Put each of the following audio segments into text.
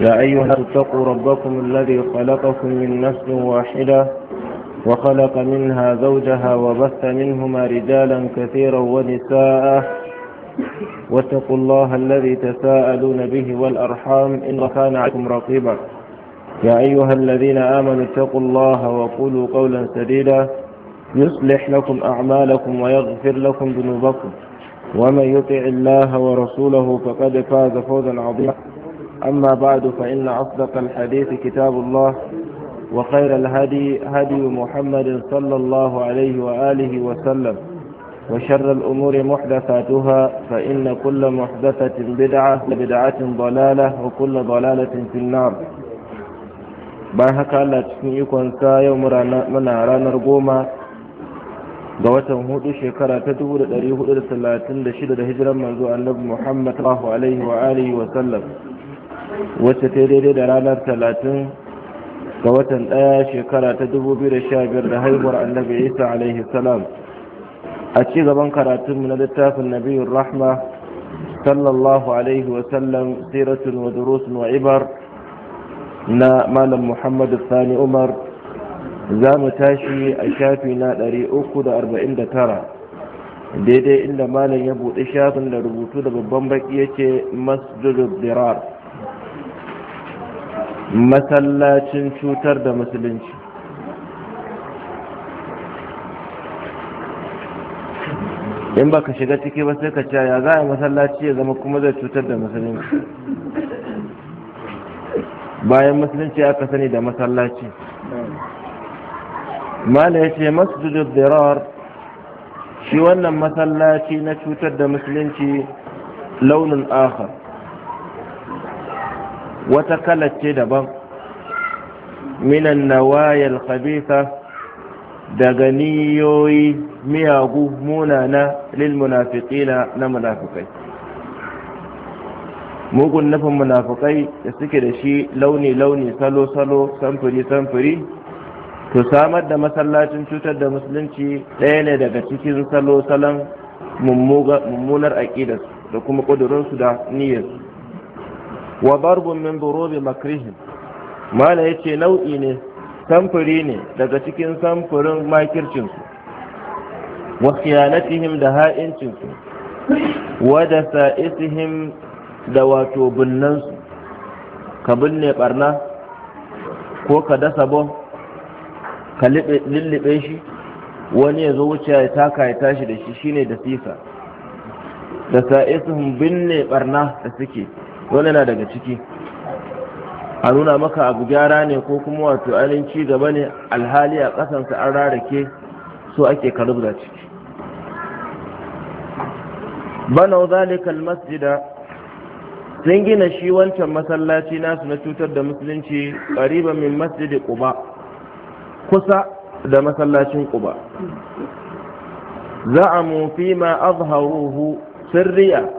يا أيها اتقوا ربكم الذي خلقكم من نفس واحدة وخلق منها زوجها وبث منهما رجالا كثيرا ونساء واتقوا الله الذي تساءلون به والأرحام إن كان عليكم رقيبا يا أيها الذين آمنوا اتقوا الله وقولوا قولا سديدا يصلح لكم أعمالكم ويغفر لكم ذنوبكم ومن يطع الله ورسوله فقد فاز فوزا عظيما أما بعد فإن أصدق الحديث كتاب الله وخير الهدي هدي محمد صلى الله عليه وآله وسلم وشر الأمور محدثاتها فإن كل محدثة بدعة وبدعة ضلالة وكل ضلالة في النار bayan haka Allah cikin ikonsa yau muna ranar goma ga watan hudu shekara ta 1436 da hijiran manzo annabi Muhammad sallallahu alaihi wa alihi wa sallam wacce ta daidai da ranar talatin ga watan ɗaya shekara ta dubu biyu da sha biyar da haihuwar annabi isa alaihi salam a ci gaban karatunmu na littafin nabiyun rahma sallallahu alaihi wasallam siratun wa durusun wa ibar na malam muhammadu sani umar za mu tashi a shafi na ɗari uku da arba'in da tara daidai inda malam ya buɗe shafin da rubutu da babban baki ya ce masjidul dirar masallacin cutar da musulunci in baka shiga ciki ba sai ka ce ya za a masallaci ya zama kuma zai cutar da musulunci bayan musulunci aka sani da masallaci mana ya ce masjidu dirar shi wannan masallaci na cutar da musulunci launin akhar wata kalace daban minan nawayal khabitha daga niyoyi miyagu munana lil munafiqina na munafiqai mugun nufin munafiqai da suke da shi launi launi salo salo samfuri samfuri to samar da masallacin cutar da musulunci ɗaya ne daga cikin salo salon mummunar aƙidarsu da kuma ƙudurinsu da niyyarsu wa barbun min burobi makrihim mala ya ce nau'i ne samfuri ne daga cikin samfurin makircinsu wa khiyanatihim da ha'incinsu wa da sa'isihim da wato binnansu ka binne barna ko ka dasa bom ka lullube shi wani ya zo wuce ya taka ya tashi da shi shine da sisa da sa'isihim binne barna da suke wani na daga ciki a nuna maka abu gyara ne ko kuma wato ainihin ci gaba ne alhali a ƙasansa an rarake so ake karubza ciki banau zalikal masjida sun gina shi wancan masallaci nasu na cutar da musulunci ƙariban min masjidi quba kusa da masallacin quba za'amu fi ma azharuhu sirriya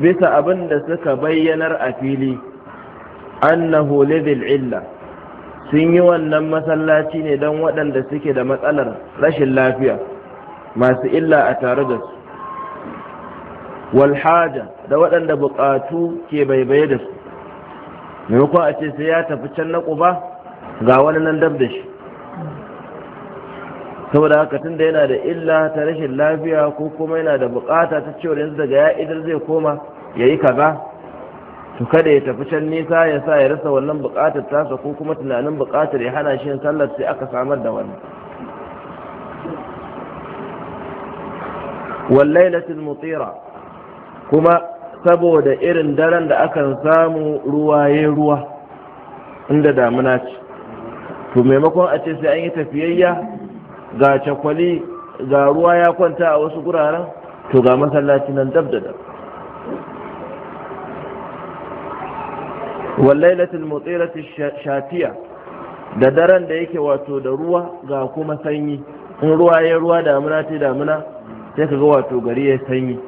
bisa abin da suka bayyanar a fili annahu lidil illa sun yi wannan masallaci ne don waɗanda suke da matsalar rashin lafiya masu illa a tare da su walhaja da waɗanda buƙatu ke baibaye da su maimakon a ce sai ya tafi can na ƙuba ga wani nan dab da shi saboda haka tun da yana da illa ta rashin lafiya ko kuma yana da bukata ta cewa yanzu daga ya idar zai koma ya yi kaza to kada ya tafi can nisa ya sa ya rasa wannan bukatar tasa ko kuma tunanin bukatar ya hana shi sallar sai aka samar da wannan wallailatul mutira kuma saboda irin daren da akan samu ruwa ya ruwa inda damuna ce to maimakon a ce sai an yi tafiyayya ga cakwali ga ruwa ya kwanta a wasu guraren to ga masallaci nan dab da dab wallailatul mutsirati shatiya da daren da yake wato da ruwa ga kuma sanyi in ruwa ya ruwa damuna ta damuna sai ka ga wato gari ya sanyi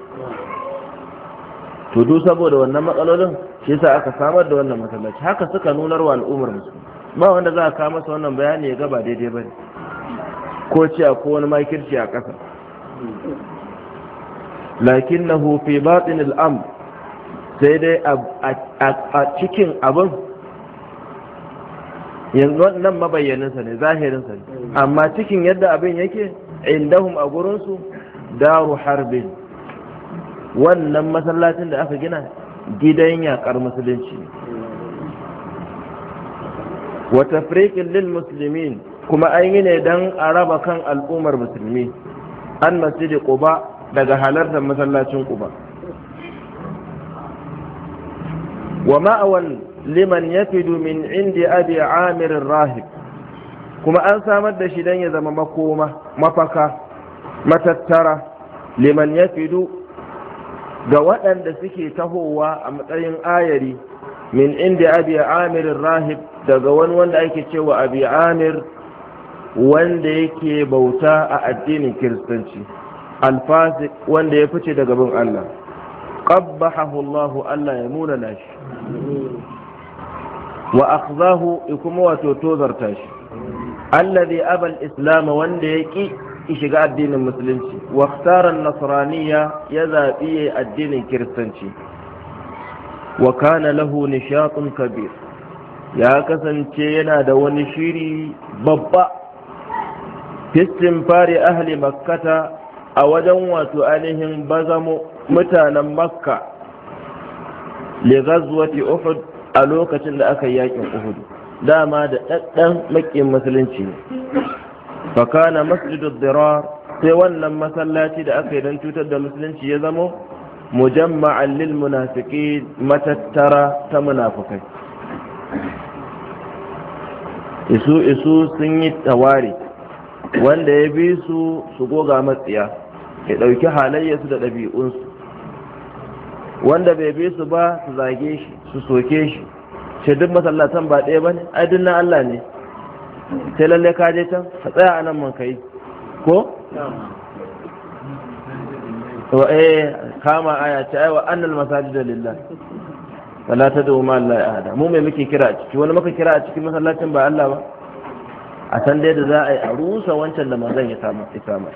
to duk saboda wannan matsalolin shi yasa aka samar da wannan matsalaci haka suka nunar wa al'ummar musu ba wanda za a kama masa wannan bayani ya gaba daidai bane ko ciya ko wani makirci a ƙasa lakin na hufi batin al'am sai dai a cikin abin yanzu nan mabayyaninsa ne zahirinsa ne amma cikin yadda abin yake indahum a gurinsu daru harbin wannan masallacin da aka gina gidan yakar musulunci wata frikin lil musulmin kuma an yi ne don a raba kan al'ummar musulmi an masjidi quba daga halartar masallacin quba wa ma'awan liman ya yafidu min indi abi amir rahib kuma an samar da shi don ya zama makoma mafaka matattara liman ya yafidu ga waɗanda suke tahowa a matsayin ayari min inda abi amir rahib daga wani wanda ake cewa abi amir wanda yake bauta a addinin kiristanci alfasik wanda ya fice daga bin Allah qabbahahu Allah Allah ya muna shi. wa akhzahu kuma wato tozarta shi alladhi abal islam wanda ya ki shiga addinin musulunci wa ikhtara nasraniya ya zabi addinin kiristanci wa kana lahu nishatun kabir ya kasance yana da wani shiri babba Fistin fari ahli makkata a wajen wato ainihin bazamu mutanen makka li uhud a lokacin da aka yi yakin uhud dama da ɗaɗɗan makin musulunci fa kana masjidu dirar sai wannan masallaci da aka yi don cutar da musulunci ya zamo mujamma'an lil munafiqin matattara ta munafukai. isu isu sun yi tawari wanda ya bi su su goga matsiya ya ɗauki halayyarsu da ɗabi'unsu wanda bai bi su ba su zage shi su soke shi ce duk masallatan ba ɗaya ba ne ai duk na Allah ne sai lalle ka je can ka tsaya anan man kai ko to eh kama aya ce ai wa annal masajida lillah Salatu tad'u umar Allah hada mu me muke kira a ciki wani muka kira a cikin masallacin ba Allah ba a san dai da za a yi a rusa wancan da mazan ya samu isama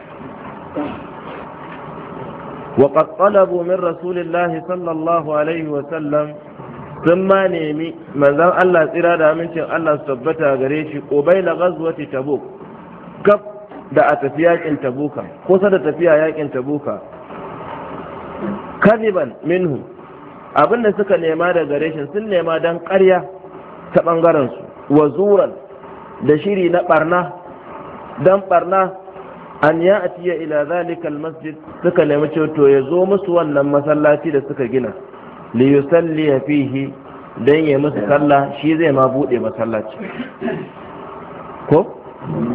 wa qad bomin min rasulillahi sallallahu alaihi wa sallam sun ma nemi manzon Allah tsira da amincin Allah su tabbata gare shi qubayla ghazwati tabuk kaf da a tafi yaƙin tabuka kusa da tafiya yakin tabuka kadiban minhu abinda suka nema da gare shi sun nema dan ƙarya ta ɓangaren su wa da shiri na barna dan barna an ya atiya ila zalika masjid suka nemi to ya zo musu wannan masallaci da suka gina li yusalli fihi dan ya musu sallah shi zai ma bude masallaci ko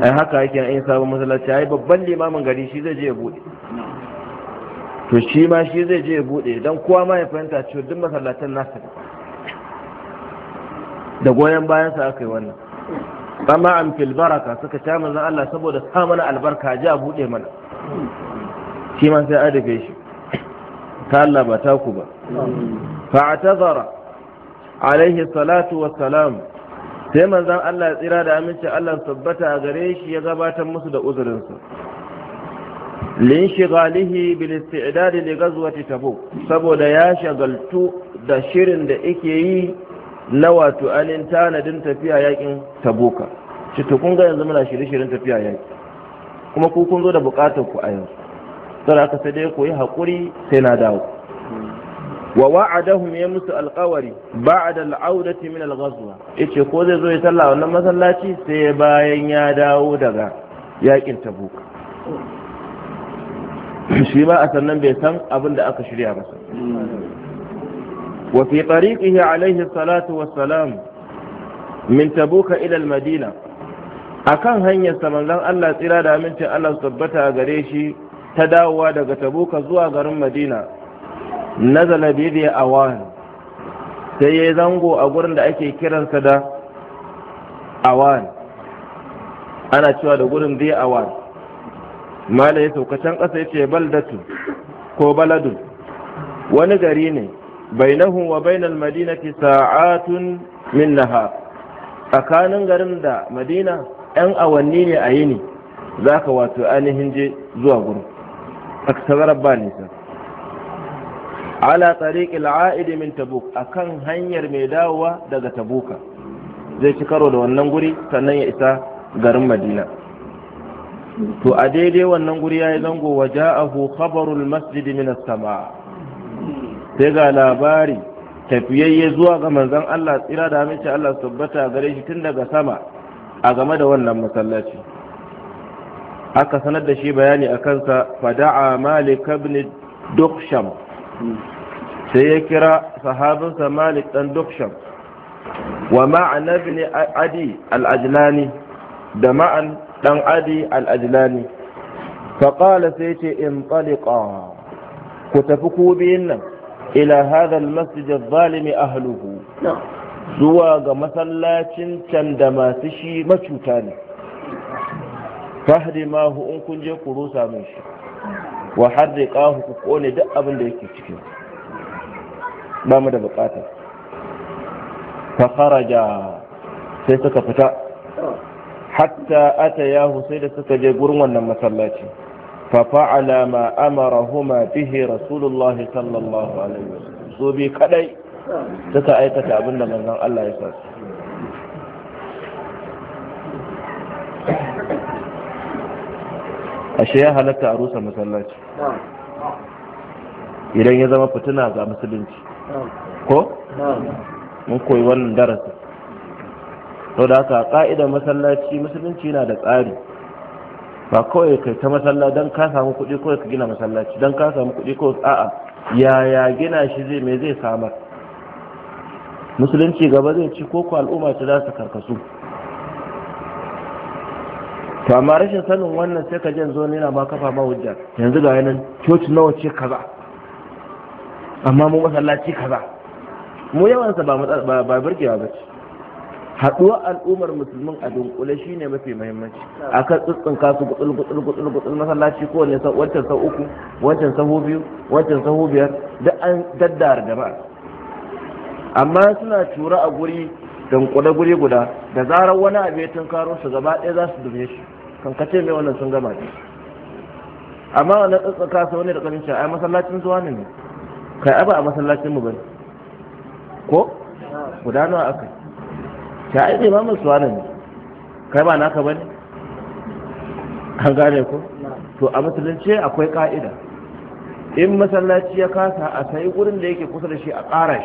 ai haka yake an yi sabon masallaci ai babban limamin gari shi zai je ya bude to shi ma shi zai je ya bude dan kowa ma ya fahimta cewa duk masallatan nasu da goyon sa aka yi wannan kama an fil baraka suka sha manzon Allah saboda sa mana albarka ji a bude mana shi ma sai adabe shi ta Allah ba ta ku ba fa'tazara alaihi salatu wassalam sai manzo Allah ya tsira da aminci Allah tabbata a gare shi ya gabatar musu da uzurinsa linshigalihi bil isti'dad li ghazwati tabuk saboda ya shagaltu da shirin da yake yi na wato anin tanadin tafiya yakin tabuka shi to kun ga yanzu muna shirye-shiryen tafiya yaki kuma ku kun zo da bukatar ku a yanzu saboda aka sai dai ku yi hakuri sai na dawo wa wa'adahum ya musu alƙawari ba'da al'audati min al-ghazwa yace ko zai zo ya salla wannan masallaci sai bayan ya dawo daga yakin tabuka shi ba a sannan bai san abin da aka shirya masa وفي طريقه عليه الصلاة والسلام من تبوك إلى المدينة akan hanyar sa manzon Allah tsira da amincin Allah tabbata gare shi ta dawowa daga Tabuka zuwa garin Madina nazala bi awan sai ya zango a gurin da ake kiransa da awan ana cewa da gurin bi awan mala ya sauka can ƙasa ya ce baldatu ko baladu wani gari ne bainahum wa bainal madinati sa'atun min nahar tsakanin garin da madina yan awanni ne a yini zaka wato ainihin je zuwa gurin aksarar ba nisa ala tariq al-a'id min tabuk akan hanyar mai dawowa daga tabuka zai ci karo da wannan guri sannan ya isa garin madina to a daidai wannan guri ya yi zango wa ja'ahu khabarul masjid min sama sai ga labari tafiyayye zuwa ga manzon Allah tsira da mace Allah tabbata gare shi tun daga sama a game da wannan masallaci aka sanar da shi bayani a kansa fada'a malik ibn duksham sai ya kira sahabinsa malik dan duksham wa ma'an ibn adi al-ajlani da ma'an dan adi al-ajlani faqala sai ce in taliqa ku tafi ku biyin nan ila hada almasjid adh ahluhu zuwa ga masallacin can da masu shi macuta ne fahdi mahu in kun je ku rusa min shi wa harriqahu ku kone duk abin da yake cikin ba mu da bukata fa kharaja sai suka fita hatta atayahu sai da suka je gurin wannan masallaci ففعل ما أمرهما به رسول الله صلى الله عليه وسلم صوبي كدي سكا أيكة أبن من الله يساس ashe ya halatta a rusa masallaci idan ya zama fitina ga musulunci ko mun koyi wannan darasi to da haka ka'idar masallaci musulunci na da tsari ba kawai kai ta masalla don ka samu kuɗi kawai ka gina masallaci don ka samu kuɗi kawai a'a yaya gina shi zai mai zai samar musulunci gaba zai ci koko al'umma ta za su karkasu to amma rashin sanin wannan sai ka jan zo yana ma kafa ma hujja yanzu ga yanan coci nawa ce kaza amma mu masallaci kaza mu yawansa ba ba birgewa ba ce haɗuwar al'ummar musulmin a dunkule shine mafi muhimmanci a kan tsitsin kasu gutsul gutsul gutsul gutsul masallaci ko ne wancan sau uku wancan sau biyu wancan sau biyar da an daddara ba amma suna tura a guri dunkule guri guda da zarar wani abu ya tunkaro su gaba ɗaya za su dume shi kankace mai wannan sun gama ne amma wannan tsitsin kasu wani da kanin ai masallacin zuwa ne kai abu a masallacin mu bane ko gudanawa akai ta ba masu suwana ne kai ba naka ba ne, an gane ku. to a musulunci akwai ka'ida in masallaci ya kasa a sayi gurin da yake kusa da shi a ƙara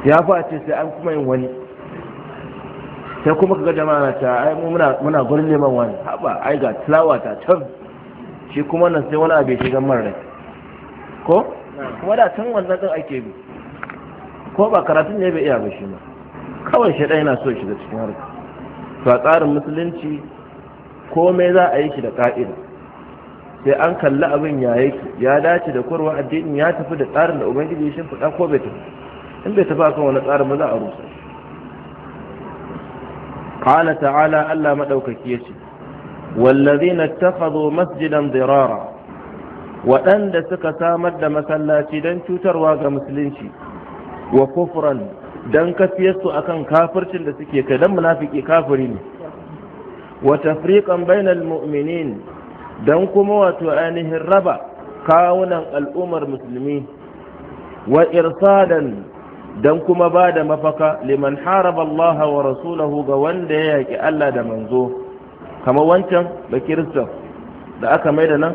shi ya fa ce sai an kuma yin wani sai kuma ka ga mana ta ai muna gurin neman wani haɓa ai ga tilawa ta can shi kuma nan sai wani abu ya shiga marar. ko kuma da can wannan ɗin ake bi ko ba karatun ne bai iya ba shi ma kawai shaɗa yana so shiga cikin harka to a tsarin musulunci komai za a yi shi da ƙa'ida sai an kalli abin ya yake ya dace da korwa addinin ya tafi da tsarin da ubangiji ya shimfiɗa ko bai tafi in bai tafi akan wani tsarin ba za a rusa qala ta'ala Allah madaukaki yace wallazina ittakhadhu masjidan dirara waɗanda suka samar da masallaci don cutarwa ga musulunci wa kufran dan kafiyar su akan kafircin da suke kai dan munafiki kafiri ne wa tafriqan bainal mu'minin dan kuma wato ainihin raba kawunan al'ummar musulmi wa irsadan dan kuma ba da mafaka liman haraba Allah wa rasulahu ga wanda ya yaki Allah da manzo kamar wancan da kiristan da aka mai da nan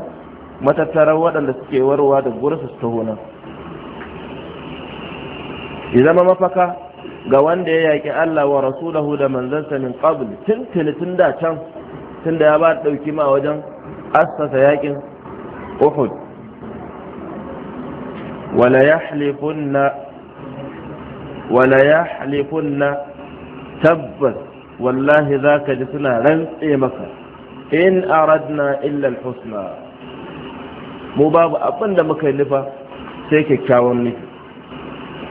matattarar waɗanda suke warwa da gursu su ya zama mafaka ga wanda ya yaƙi Allah wa rasulahu da manzansa min qabl tun tun da can tun da ya ba ɗauki ma wajen assasa yaƙin Uhud wala ya halifun na tabbas wallahi zaka ji suna rantse maka in aradna illa al-husna mu babu abinda da muka yi nufa sai kyakkyawan nufi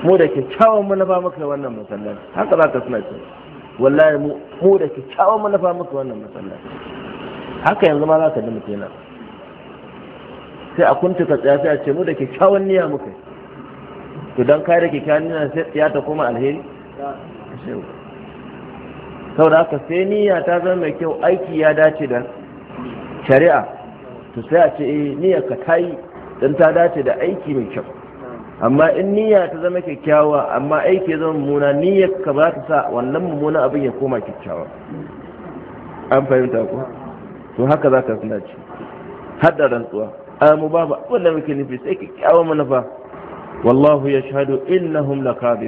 mu da kyakkyawan manufa muka wannan masallaci haka za ka suna cewa wallahi mu da kyakkyawan manufa muka wannan masallaci haka yanzu ma za ka ji mutum yana sai a kuntuka tsaya sai a ce mu da kyakkyawan niyya muka to don kai da kyakkyawan niyya sai tsaya ta koma alheri saboda haka sai niyya ta zama mai kyau aiki ya dace da shari'a to sai a ce eh ka ta yi don ta dace da aiki mai kyau amma in niyya ta zama kyakkyawa amma aiki ya zama mummuna niyyar ka ba ta sa wannan mummuna abin ya koma kyakkyawa an fahimta ko to haka za ka suna ce hadda rantsuwa a mu ba ba wanda muke nufi sai kyakkyawa manufa wallahu ya shahadu innahum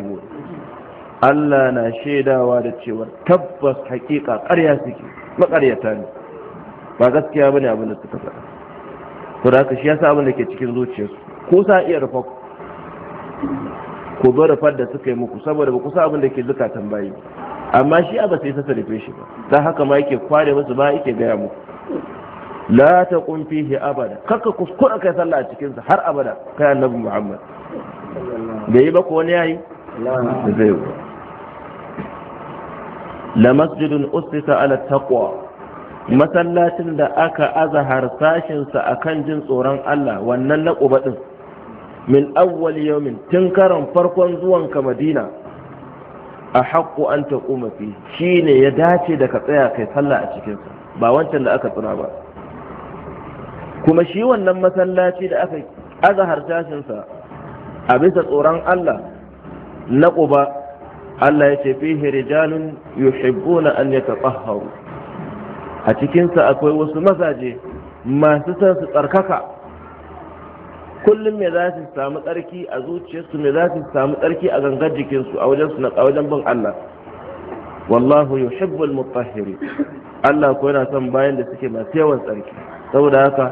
mu. Allah na shaidawa da cewa tabbas hakika ƙarya suke maƙaryata ne ba gaskiya bane abin da suka faɗa to da haka shi yasa abin da ke cikin zuciyarsu ko sa iya rufa ku zo da suka yi muku saboda ba kusa abin da ke zukatan bayi amma shi a ba sai sasa sarrafe shi ba don haka ma yake kware masu ba yake gaya muku la ta fihi abada kaka kuskura kai sallah a cikinsa har abada kai annabi muhammad bai yi ba ko wani yayi zai la masjidun usrita ala taqwa masallacin da aka aza sashinsa akan jin tsoron Allah wannan laquba din min awwal yawmin tun karan farkon zuwan ka madina a haƙƙo an ta fi shi ne ya dace da ka tsaya kai sallah a cikinsa ba wancan da aka tsira ba kuma shi wannan masallaci da aka aza harsashinsa a bisa tsoron Allah na ƙuba Allah ya ce fihi rijalun yuhibbuna an yatatahharu a cikinsa akwai wasu mazaje masu son su tsarkaka kullum me za su samu tsarki a zuciyarsu me za su samu tsarki a gangar jikinsu a wajen su na wajen bin Allah wallahu yuhibbul mutahhiri Allah ko yana son bayan da suke masu yawan tsarki saboda haka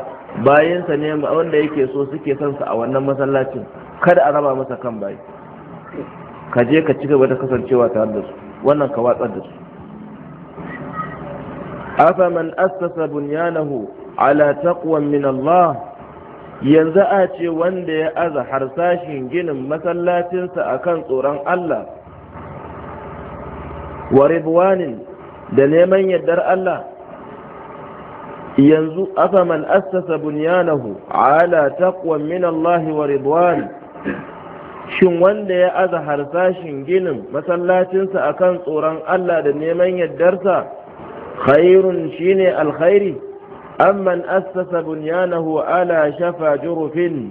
bayansa ne wanda yake so suke son sa a wannan masallacin kada a raba masa kan bayi ka je ka ci gaba da kasancewa tare da su wannan ka watsar da su afaman assasa bunyanahu ala taqwa min Allah yanzu a ce wanda ya aza harsashin ginin masallacinsa akan tsoron Allah wa ribwanin da neman yardar Allah yanzu man assasa bunyanahu ala taqwa min Allah wa ridwan shin wanda ya aza harsashin ginin masallacinsa akan tsoron Allah da neman yardarsa khairun shine alkhairi amman asasa bunyanahu ala shafa jurufin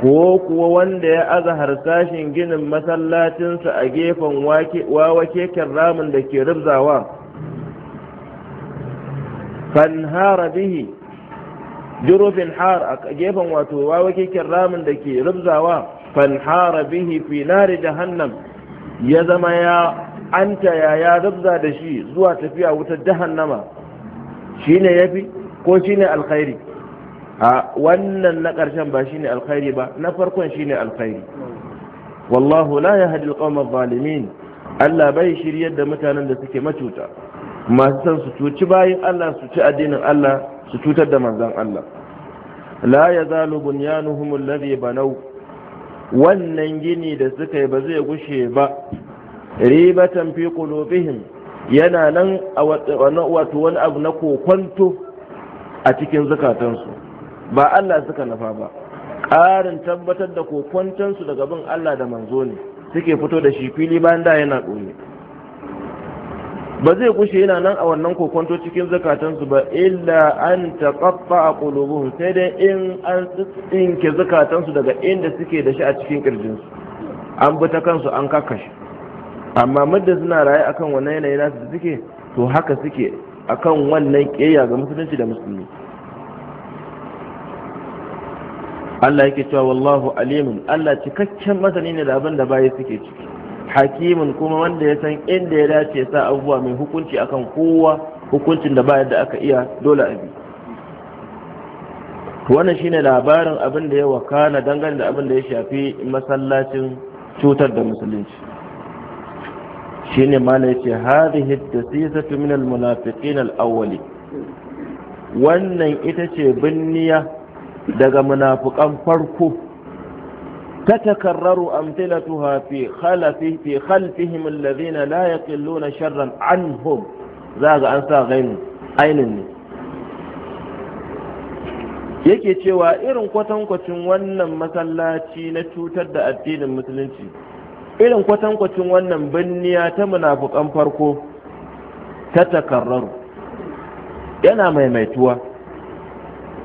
ko kuwa wanda ya aza harsashin ginin masallacinsa a gefen wawakeken ramin da ke rubzawa fanhara bihi jurufin har a gefen wato wawakeken ramin da ke rubzawa fanhara bihi fi nari jahannam ya zama ya anta ya ya rubza da shi zuwa tafiya wutar jahannama shine yafi ko shine alkhairi a wannan na ƙarshen ba shine alkhairi ba na farkon shine alkhairi wallahu la yahdi alqawma zalimin Allah bai shiryar da mutanen da suke macuta masu san su cuci bayan Allah su ci addinin Allah su cutar da manzan Allah la yazalu bunyanuhum alladhi banaw wannan gini da suka yi ba zai gushe ba ribatan fi qulubihim yana nan a wato wani abu na kokwanto a cikin zukatansu ba Allah suka nafa ba ƙarin tabbatar da kokwantansu daga bin Allah da manzo ne suke fito da shi fili bayan da yana ɗoye ba zai kushe yana nan a wannan kokwanto cikin zukatansu ba illa an taqaffa a qulubuhum sai dai in an tsinke zukatansu daga inda suke da shi a cikin kirjinsu an bi ta kansu an kakkashi amma muddin suna raye akan wannan yanayi nasu suke to haka suke akan wannan ƙeya ga musulunci da musulmi Allah yake cewa wallahu alimun Allah cikakken masani ne da abin da baya suke ciki hakimin kuma wanda ya san inda ya dace sa abubuwa mai hukunci akan kowa hukuncin da baya da aka iya dole a abi wannan shine labarin abin da ya wakana dangane da abin da ya shafi masallacin cutar da musulunci shine mala yace hadhihi at-tasisatu min al-munafiqin al-awwali wannan ita ce binniya daga munafikan farko Ta fi khalfi fi khalfihim alladhina la yaqilluna sharran anhum zaga an sa gaini ainin ne yake cewa irin kwatankwacin wannan masallaci na cutar da addinin musulunci irin kwatankwacin wannan binniya ta munafukan farko ta takarraru yana maimaituwa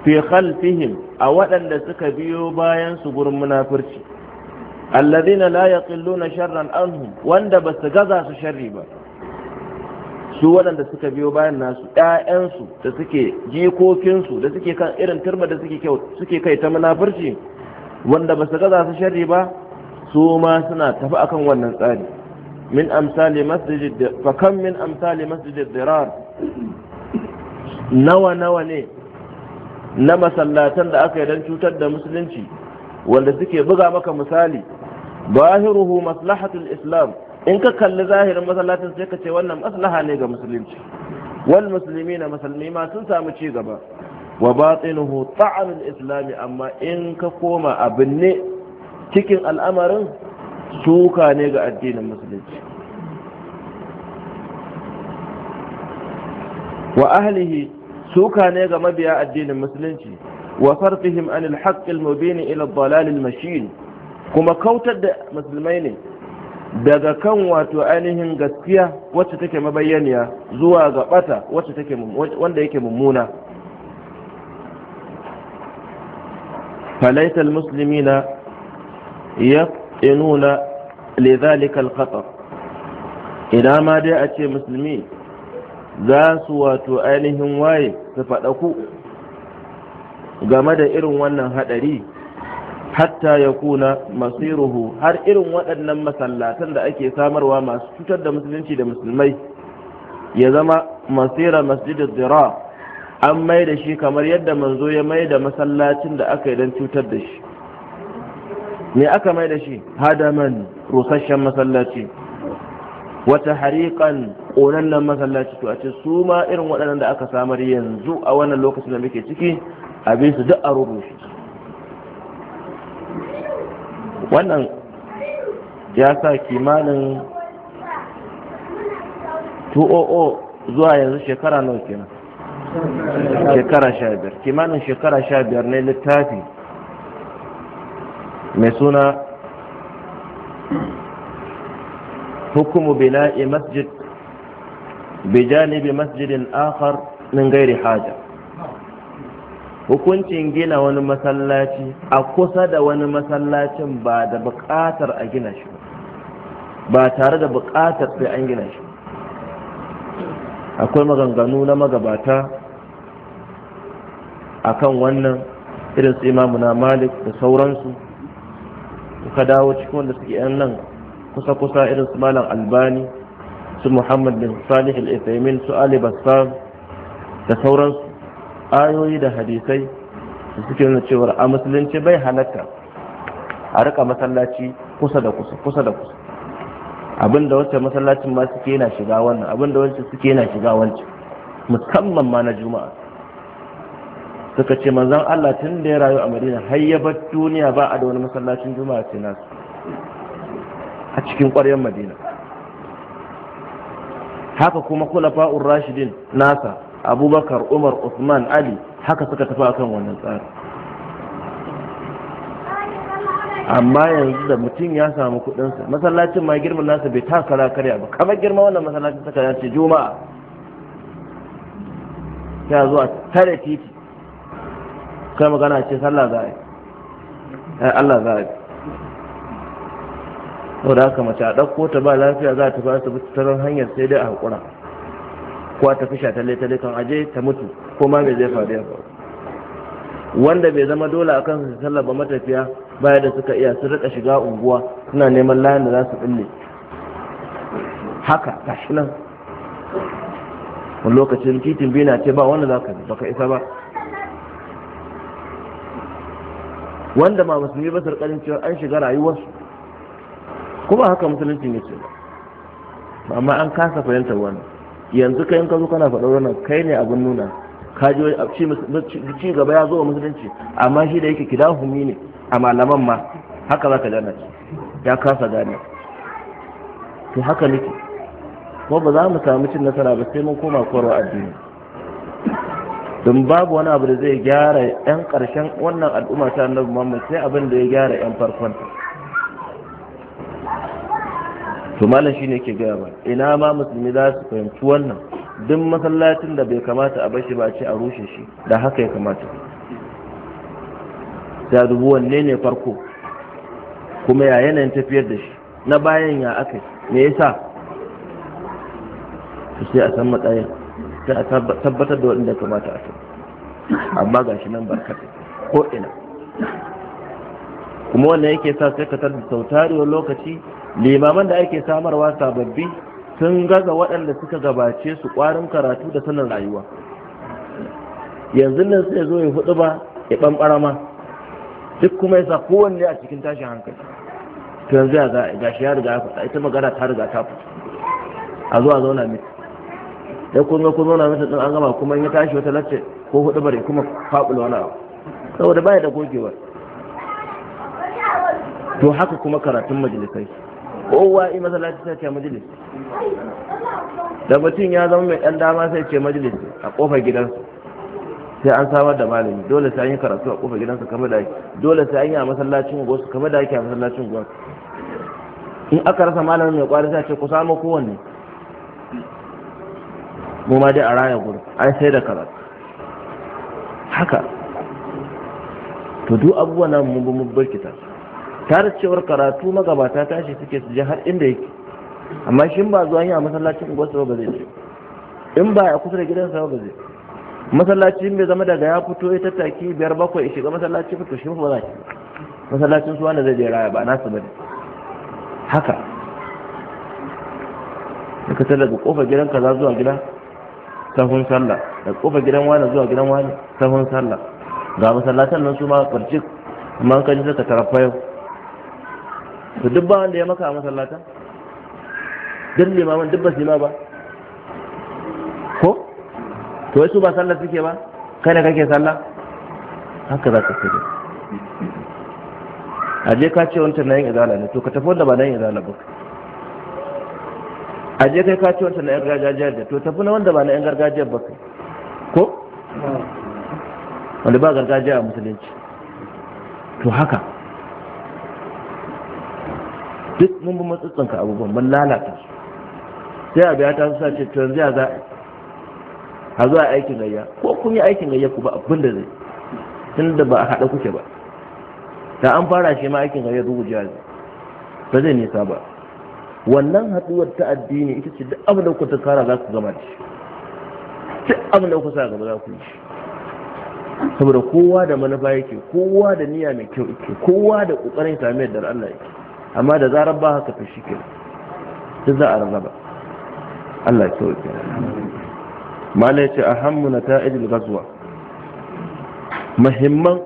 fi khalfihim a waɗanda suka biyo bayan su gurin munafurci alladhina la yaqilluna sharran anhum wanda ba su gaza su sharri ba su waɗanda suka biyo bayan nasu ƴaƴansu da suke jikokinsu da suke kan irin turba da suke kai ta munafurci wanda ba su gaza su sharri ba su ma suna tafi akan wannan tsari min amsali masjid fa kam min amsali masjid dirar nawa nawa ne na masallatan da aka yi don cutar da musulunci wanda suke buga maka misali bahiruhu maslahatul islam in ka kalli zahirin masallacin sai ka ce wannan maslaha ne ga musulunci wal musulmi na musulmi ma sun samu ci gaba wa batinuhu ta'amul islami amma in ka koma abin ne cikin al'amarin suka ne ga addinin musulunci wa ahlihi suka ne ga mabiya addinin musulunci wa sarfihim anil haqqil mubin ila dalalil mashin kuma kautar da musulmai ne daga kan wato ainihin gaskiya wacce take mabayyaniya zuwa ga bata wacce take wanda yake mummuna falaita na. yaqinuna zalika al-khatar idan ma dai a ce musulmi za su wato ainihin waye su ku. game da irin wannan haɗari hatta ya kuna masiruhu har irin waɗannan masallatan da ake samarwa masu cutar da musulunci da musulmai ya zama masira masjidin zira an mai da shi kamar yadda manzo ya mai da masallacin da aka yi don cutar da shi me aka mai da shi hadaman rusasshen masallaci wata hariƙan ƙonannan masallaci to a ce su ma irin waɗannan da aka samar yanzu a wannan lokacin da muke ciki abin su duk a rubuce wannan ya sa kimanin O oh oh zuwa yanzu shekara nawa kenan shekara sha biyar kimanin shekara sha biyar ne littafi mai suna hukumu bina'i masjid janibi masjidin akhar min gairi haja hukuncin gina wani masallaci a kusa da wani masallacin ba da buƙatar a gina shi ba tare da bukatar sai an gina shi akwai maganganu na magabata akan wannan irin su imamu na malik da sauransu suka dawo cikin wanda suke yan nan kusa-kusa irin su malam albani su muhammad bin salih al-ifaimin su ali bassam da sauransu ayoyi da hadisai da suke nuna cewar a musulunci bai halatta a rika masallaci kusa da kusa kusa da kusa abinda wancan masallacin ma suke yana shiga wannan abinda wancan suke yana shiga wancan musamman ma na juma'a suka ce manzan Allah tun da ya rayu a Madina har ya bar duniya ba a da wani masallacin juma'a ce nasu a cikin ƙwaryar Madina haka kuma kula fa'ur rashidin nasa abubakar umar usman ali haka suka tafi akan wannan tsari amma yanzu da mutum ya samu kudinsa masallacin ma girman nasa bai takara karya ba kamar girma wannan masallacin saka ya ce juma'a ya zuwa tare titi kai magana ce sallah za a yi eh, Allah za a yi sau da haka mace a ɗauko ta ba lafiya za ta fara asibiti ta hanyar sai dai a haƙura ko ta fisha ta talle kan aje ta mutu ko ma mai zai faru ya faru wanda bai zama dole a kansu sallah ba matafiya baya da suka iya sun rika shiga unguwa suna neman layin da za su ɓille haka gashi nan lokacin titin biyu na ce ba wanda za ka isa ba wanda ma musulmi ba sarƙarin cewa an shiga rayuwarsu kuma haka musulunci ne ce ba amma an kasa fahimtar wannan yanzu kai in ka zo kana faɗar wannan kai ne abin nuna ka ji ci gaba ya zo wa musulunci amma shi da yake kidahumi ne a malaman ma haka za ka gane ya kasa gane to haka nake ko ba za mu samu cin nasara ba sai mun koma korowar addini don babu wani abu da zai gyara 'yan ƙarshen wannan al'umma ta annabi muhammad sai abin da ya gyara 'yan farkon to malam shi ne ke gaya ba ina ma musulmi za su fahimci wannan duk masallacin da bai kamata a bashi ba ce a rushe shi da haka ya kamata ta dubu wanne ne farko kuma ya yanayin tafiyar da shi na bayan ya aka me yasa sai a san matsayin sai a tabbatar da waɗanda kamata a tabbatar amma ga shi nan barkatai ko ina kuma wannan yake sa sai ka sautari wa lokaci limaman da ake samarwa sababbi sun gaza waɗanda suka gabace su ƙwarin karatu da sanin rayuwa yanzu nan sai zo ya hudu ba ya ma duk kuma yasa kowanne a cikin tashin hankali to yanzu ya ga shi ya riga ya faɗa ita magana ta riga ta fita a zo a zauna miki sai kun ga kun zauna masa din an gama kuma ya tashi wata lacce ko hudu bare kuma faɓula wani abu saboda baya da gogewar to haka kuma karatun majalisai kowa in masallaci sai ce majalis da mutum ya zama mai ɗan dama sai ce majalis a kofar gidansa sai an samar da malami dole sai an yi karatu a kofar gidansa kamar da dole sai an yi a masallacin gosu kamar da ake a masallacin gosu in aka rasa malamin mai kwari sai ce ku samu kowanne mu ma dai a raya gudu an sai da kaza haka to duk abubuwan nan mun mun burkita tare cewar karatu magabata tashi suke su je har inda yake amma shi ba zuwa yi a masallacin ba ba zai je in ba a kusa da gidansa ba zai masallacin bai zama daga ya fito ya tattaki biyar bakwai ya shiga masallaci fito shi ba za ki masallacin su wanda zai je raya ba nasu bane haka ka ta daga kofar gidanka za zuwa gida sahun sallah da kofa gidan wani zuwa gidan wani sahun sallah ga masallatan nan su ma karci amma ka ji saka tarafa yau to duk ba wanda ya maka a masallatan duk limaman duk ba su ma ba ko to wai su ba sallah suke ba kai ne kake sallah haka za ka fito a je ka ce wancan na yin izala ne to ka tafi wanda ba na yin izala ba a je kai ka ci wancan na 'yan gargajiyar da to tafi na wanda ba na 'yan gargajiyar ba kai ko wanda ba gargajiya a musulunci to haka duk mun bi matsatsanka abubuwan mun lalata su sai a biya ta su sa ce to yanzu ya za a zuwa aikin gayya ko kun yi aikin gayya ku ba abin da zai tun da ba a haɗa kuke ba da an fara shi ma aikin gayya rugujiya ba zai nisa ba wannan haduwar ta addini ita ce duk abin da kuka kara za ku gama da shi duk abin da kuka sa gaba za ku yi saboda kowa da manufa yake kowa da niyya mai kyau yake kowa da kokarin sami yadda Allah yake amma da zarar ba haka fashi ke duk za a rarraba Allah ya kyau mala ya ce a hammu na ta'idul gazuwa muhimman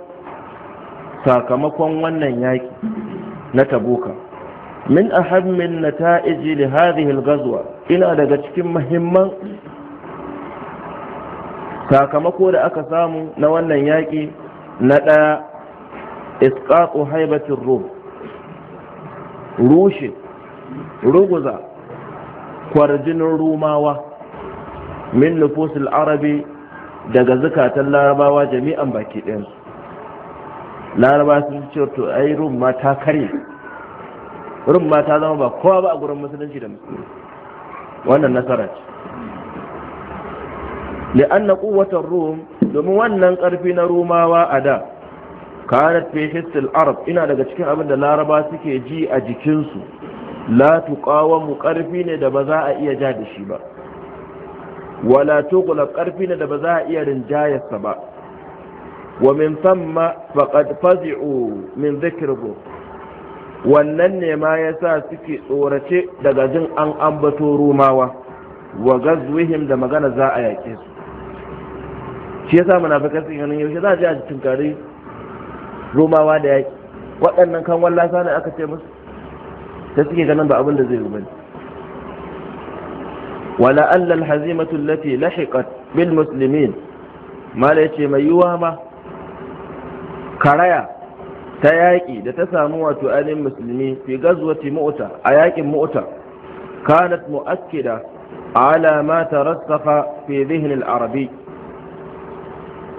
sakamakon wannan yaki na tabuka min ahammin nata'iji li hadhihi al-ghazwa ina daga cikin muhimman sakamako da aka samu na wannan yaƙi na ɗaya isqatu haibatin rum rushe ruguza kwarjinin rumawa min nufusul arabi daga zukatan larabawa jami'an baki ɗin. laraba sun ce to ai rum ma ta karye rum ma ta zama ba kowa ba a gurin musulunci da wannan nasara ce li'anna quwwatar rum domin wannan karfi na rumawa a da kanat fi hissil arab ina daga cikin abin da laraba suke ji a jikinsu la tuqawamu karfi ne da ba za a iya ja da shi ba wala tuqla karfi ne da ba za a iya rinjayarsa ba wa min thamma faqad fazi'u min dhikrihi wannan ne ma ya sa suke tsorace daga jin an ambato rumawa wa gazwihim da magana za a yaƙe su shi ya sa munafikan sun yanin yaushe za a je a tunkari rumawa da yaƙi waɗannan kan wallasa ne aka ce musu ta suke ganin ba abin da zai rubani wala allal hazimatu allati lahiqat bil muslimin mala yace mai yuwa ma karaya ta yaƙi da ta samu wato ainihin musulmi fi gazwati mu'ta a yaƙin mu'ta kanat mu'akkida ala ma tarassafa fi dhihn al-arabi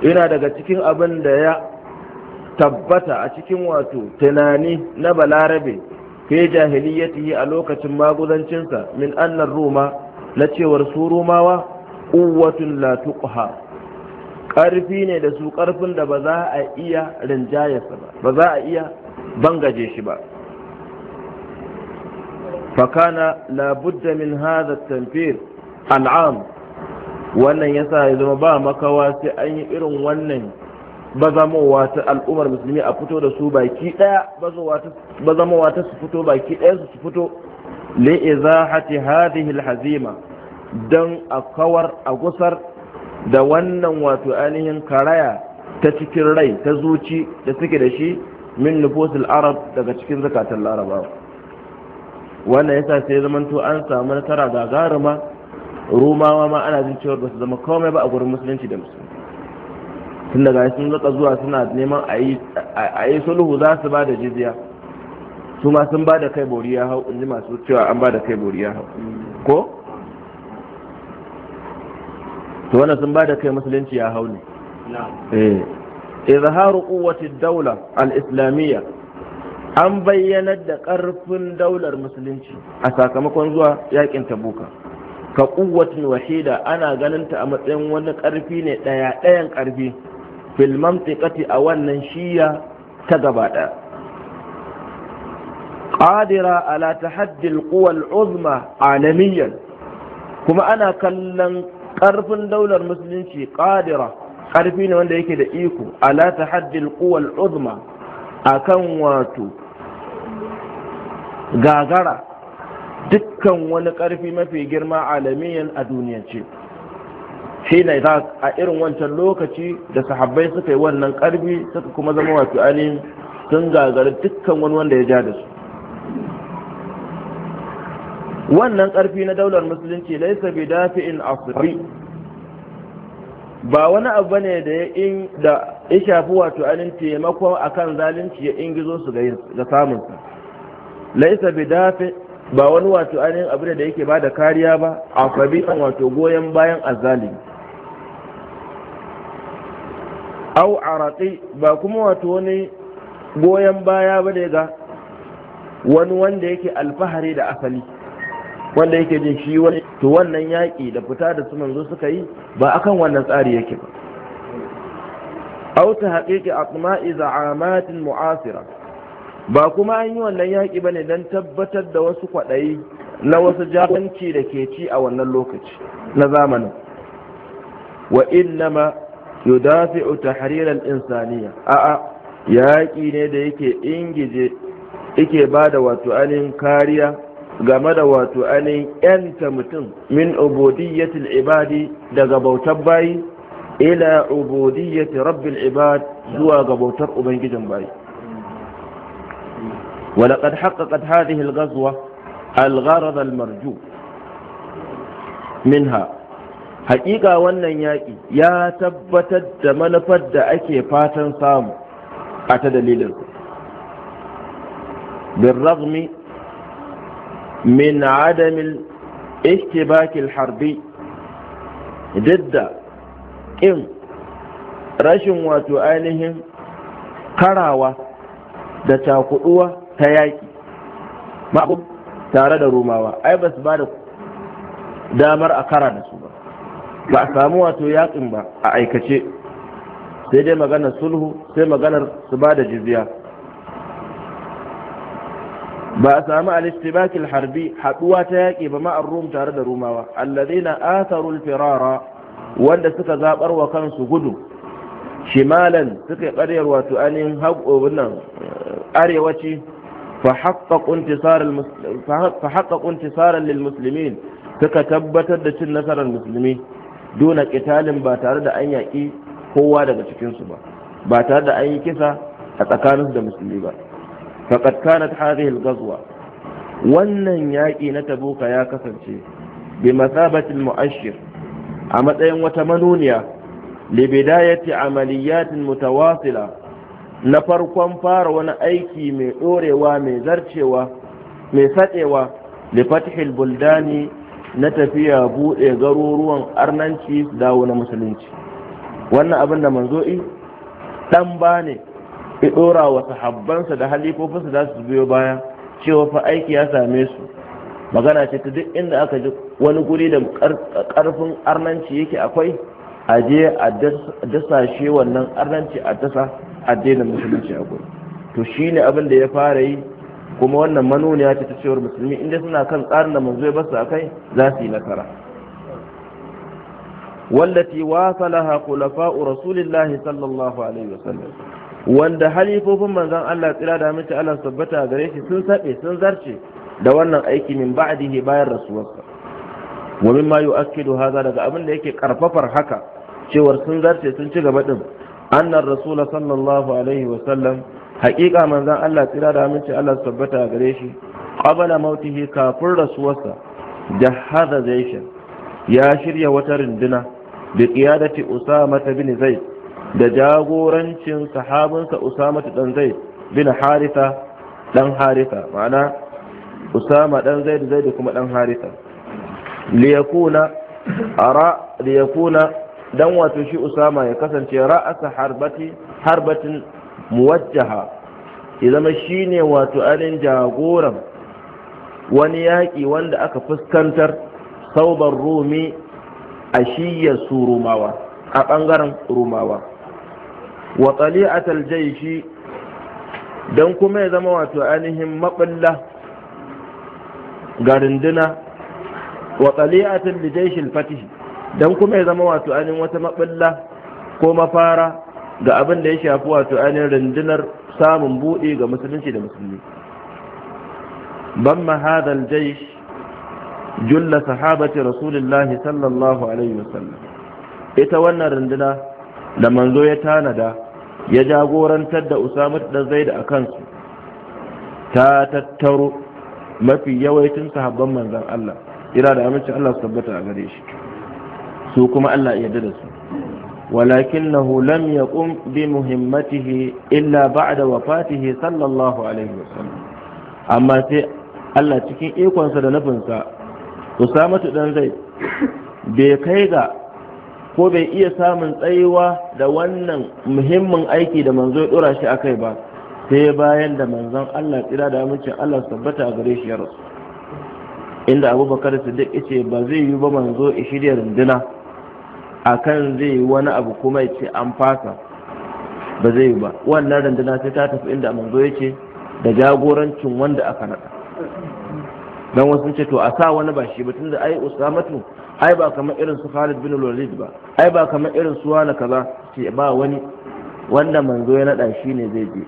yana daga cikin abin da ya tabbata a cikin wato tunani na balarabe fi jahiliyyatihi a lokacin maguzancinsa min annar ruma na cewar su rumawa quwwatun la tuqha ƙarfi ne da su ƙarfin da ba za a iya rinjayarsa ba ba za a iya bangaje shi ba fakana labudda min hadha tamfir al'am wannan yasa ya zama ba makawa sai an yi irin wannan bazamowa ta al'ummar musulmi a fito da su baki daya bazamowa ta su fito baki daya su fito li izahati hadhihi al-hazima dan a kawar a da wannan wato ainihin karaya ta cikin rai ta zuci da suke da shi min nufosul arab daga cikin zakatan Laraba. wannan yasa sai zamanto an samu nasara garuma rumawa ma ana jin cewa ba su zama komai ba a gurin musulunci da musulunci tun daga sun zaka zuwa suna neman a yi sulhu za su ba da jizya su ma sun ba da kai boriya ya hau in ji masu cewa an ba da kai boriya ya hau ko to wannan sun bada kai musulunci ya hauni eh izharu quwwati daula al-islamiyya an bayyanar da ƙarfin daular musulunci a sakamakon zuwa yakin tabuka ka kuwatin wahida ana ganinta a matsayin wani ƙarfi ne ɗaya ɗayan karfi filman tsikati a wannan shiya ta gaba ɗaya ƙadira ala tahaddil al uzma alamiyan kuma ana kallon ƙarfin daular musulunci ƙadira ƙarfi ne wanda yake da iko ala ta haddil kuwal uzma akan wato gagara dukkan wani ƙarfi mafi girma alamiyan a duniyance shi ne a irin wancan lokaci da sahabbai suka yi wannan ƙarfi suka kuma zama wato ainihin sun gagara dukkan wani wanda ya ja da su wannan ƙarfi na daular musulunci laisa bi dafi'in asri ba wani abu ne da ya in da ya shafi wato anin taimako akan zalunci ya ingizo su ga samun sa laisa bi dafi ba wani wato anin abu da yake bada kariya ba asabi an wato goyen bayan azalimi au araqi ba kuma wato wani goyen baya ba da ga wani wanda yake alfahari da asali wanda yake jin shi wani to wannan yaƙi da fita da su manzo suka yi ba akan wannan tsari yake ba auta haƙiƙi atma'i za'amatin mu'asira ba kuma an yi wannan yaƙi ba ne don tabbatar da wasu kwaɗayi na wasu jahanci da ke ci a wannan lokaci na zamanin wa innama yudafi'u tahriral insaniya a'a yaƙi ne da yake ingije yake bada wato ainihin kariya game da wato ainihin yanta mutum min ubudiyyatil ibadi daga bautar bayi ila ubudiyyati rabbil ibad zuwa ga bautar ubangijin bayi ولقد حققت هذه الغزوة الغرض marju minha حقيقة wannan yaƙi ya tabbatar da manufar da ake fatan samu a ta dalilin bin ragmi min adamil ishtibakil harbi dadda, ƙin rashin wato ainihin karawa da cakuduwa ta yaƙi tare da rumawa ai ba su ba da damar a kara da su ba ba a samu wato yaƙin ba a aikace sai dai maganar sulhu sai maganar su ba da jizya ba a samu al-istibak harbi haduwa ta yaki ba ma'ar rum tare da rumawa alladhina atharu firara wanda suka zabar wa kansu gudu shimalan suka ƙaryar wato anin arewaci fa haƙaƙa intisarar lil musulmin suka tabbatar da cin nasarar musulmi duna ƙitalin ba tare da an yaƙi kowa daga cikinsu ba ba tare da an yi kisa a tsakaninsu da musulmi ba faqad kanat hadhihi al wannan yaƙi na tabuka ya kasance bi masabatil mu'ashir a matsayin wata manuniya li bidayati amaliyatin mutawasila na farkon fara wani aiki mai ɗorewa mai zarcewa mai saɗewa li buldani na tafiya buɗe garuruwan arnanci dawo na musulunci wannan abin da manzo'i ɗan ba ne ya ɗora wa sahabbansa da halifofinsa da su biyo baya cewa fa aiki ya same su magana ce ta duk inda aka ji wani guri da karfin arnanci yake akwai a je a dasa shi wannan arnanci a dasa addinin musulunci a gudu to ne abin da ya fara yi kuma wannan manuniya ce ta cewar musulmi inda suna kan tsarin da manzo ya basu akai za su yi nasara wallati wasalaha khulafa'u rasulillahi sallallahu alaihi wasallam wanda halifofin manzon Allah tsira da mace Allah tabbata gare shi sun sabe sun zarce da wannan aiki min ba'dihi bayan rasuwarsa wa ma yu'akkidu hadha daga abin da yake karfafar haka cewar sun zarce sun ci gaba din annar rasul sallallahu alaihi wa sallam haƙiƙa manzon Allah tsira da mace Allah tabbata gare shi qabala mautihi kafin rasuwarsa jahada zaisha ya shirya wata runduna bi qiyadati usama bin zaid da jagorancin sahabinsa usama dan zaid bin haritha dan haritha ma'ana usama dan zaid da kuma dan haritha liyakuna ara liyakuna dan wato shi usama ya kasance ra'asa harbati harbatin muwajjaha ya zama ne wato alin jagoran wani yaƙi wanda aka fuskantar sauban rumi a su rumawa a ɓangaren rumawa wa tsali'atal jaishi don kuma ya zama wato ainihin maɓulla ga runduna wa tsali'atal lijaishin fatihi don kuma ya zama wato ainihin wata maɓulla ko mafara ga abin da ya shafi wato ainihin rindunar samun buɗe ga musulunci da musulmi ban mahadal jaish julla sahabati rasulullahi sallallahu alaihi wasallam ita wannan rinduna. da manzo ya tanada ya jagorantar da usama da zaid a kansu ta tattaro mafi yawancin sahabban manzon Allah ira da amincin Allah su tabbata a gare shi su kuma Allah ya da su ولكنه لم يقم بمهمته إلا بعد وفاته wafatihi sallallahu alaihi wasallam amma sai Allah cikin ikonsa da nufinsa Usama dan Zaid bai kai ga ko bai iya samun tsayuwa da wannan muhimmin aiki da manzo ya dora shi akai ba sai bayan da manzon Allah tsira da amincin Allah tabbata a gare shi ya rasu inda abubakar siddiq yace ba zai yi ba manzo ya shirya runduna akan zai yi wani abu kuma ya ce an fasa ba zai yi ba wannan runduna sai ta tafi inda manzo ya ce da jagorancin wanda aka naɗa dan wasu ce to a sa wani ba shi ba tunda ai usamatu ai ba kamar irin su Khalid bin Walid ba ai ba kamar irin su wani kaza ce ba wani wanda manzo ya nada shi ne zai je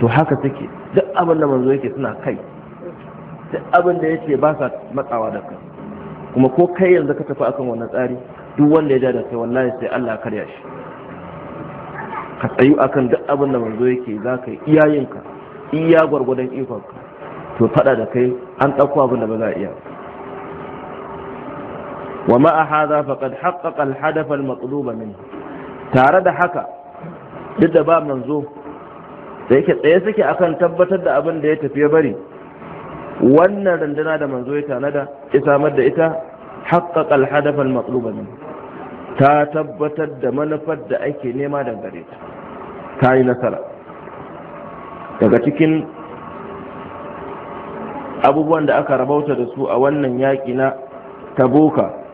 to haka take duk abin da manzo yake suna kai duk abin da yake ba sa matsawa da kai kuma ko kai yanzu ka tafi akan wannan tsari duk wanda ya ja da kai wallahi sai Allah ya karya shi ka tsayu akan duk abin da manzo yake za ka yi iyayenka iya gwargwadon ikonka to fada da kai an ɗauko abin da ba za a iya ba wa ma'a hadha faqad haqqaqa al-hadafa tare da haka duk da ba manzo da yake tsaye suke akan tabbatar da abin da ya tafi ya bari wannan randana da manzo ya tanada ya samar da ita haqqaqa al-hadafa al minhu ta tabbatar da manufar da ake nema da gare ta ta yi nasara daga cikin abubuwan da aka rabauta da su a wannan yaƙi na boka.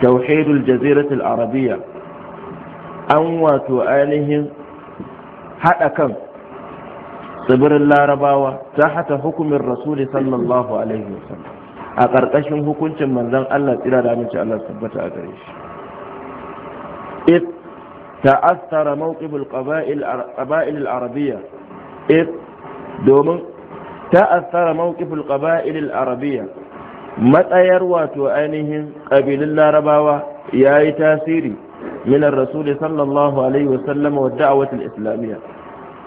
tauhidul jaziratul arabiya an wato ainihin haɗa kan tsibirin larabawa ta hata hukumin rasuli sallallahu alaihi a ƙarƙashin hukuncin manzon Allah tsira a gare shi it ta'assara mawqibul qaba'il qaba'il arabiyya it domin ta'assara mawqibul matsayar wato ainihin ƙabilun larabawa ya yi tasiri minar rasuli sallallahu alaihi wasallam wa da'awatul islamiyya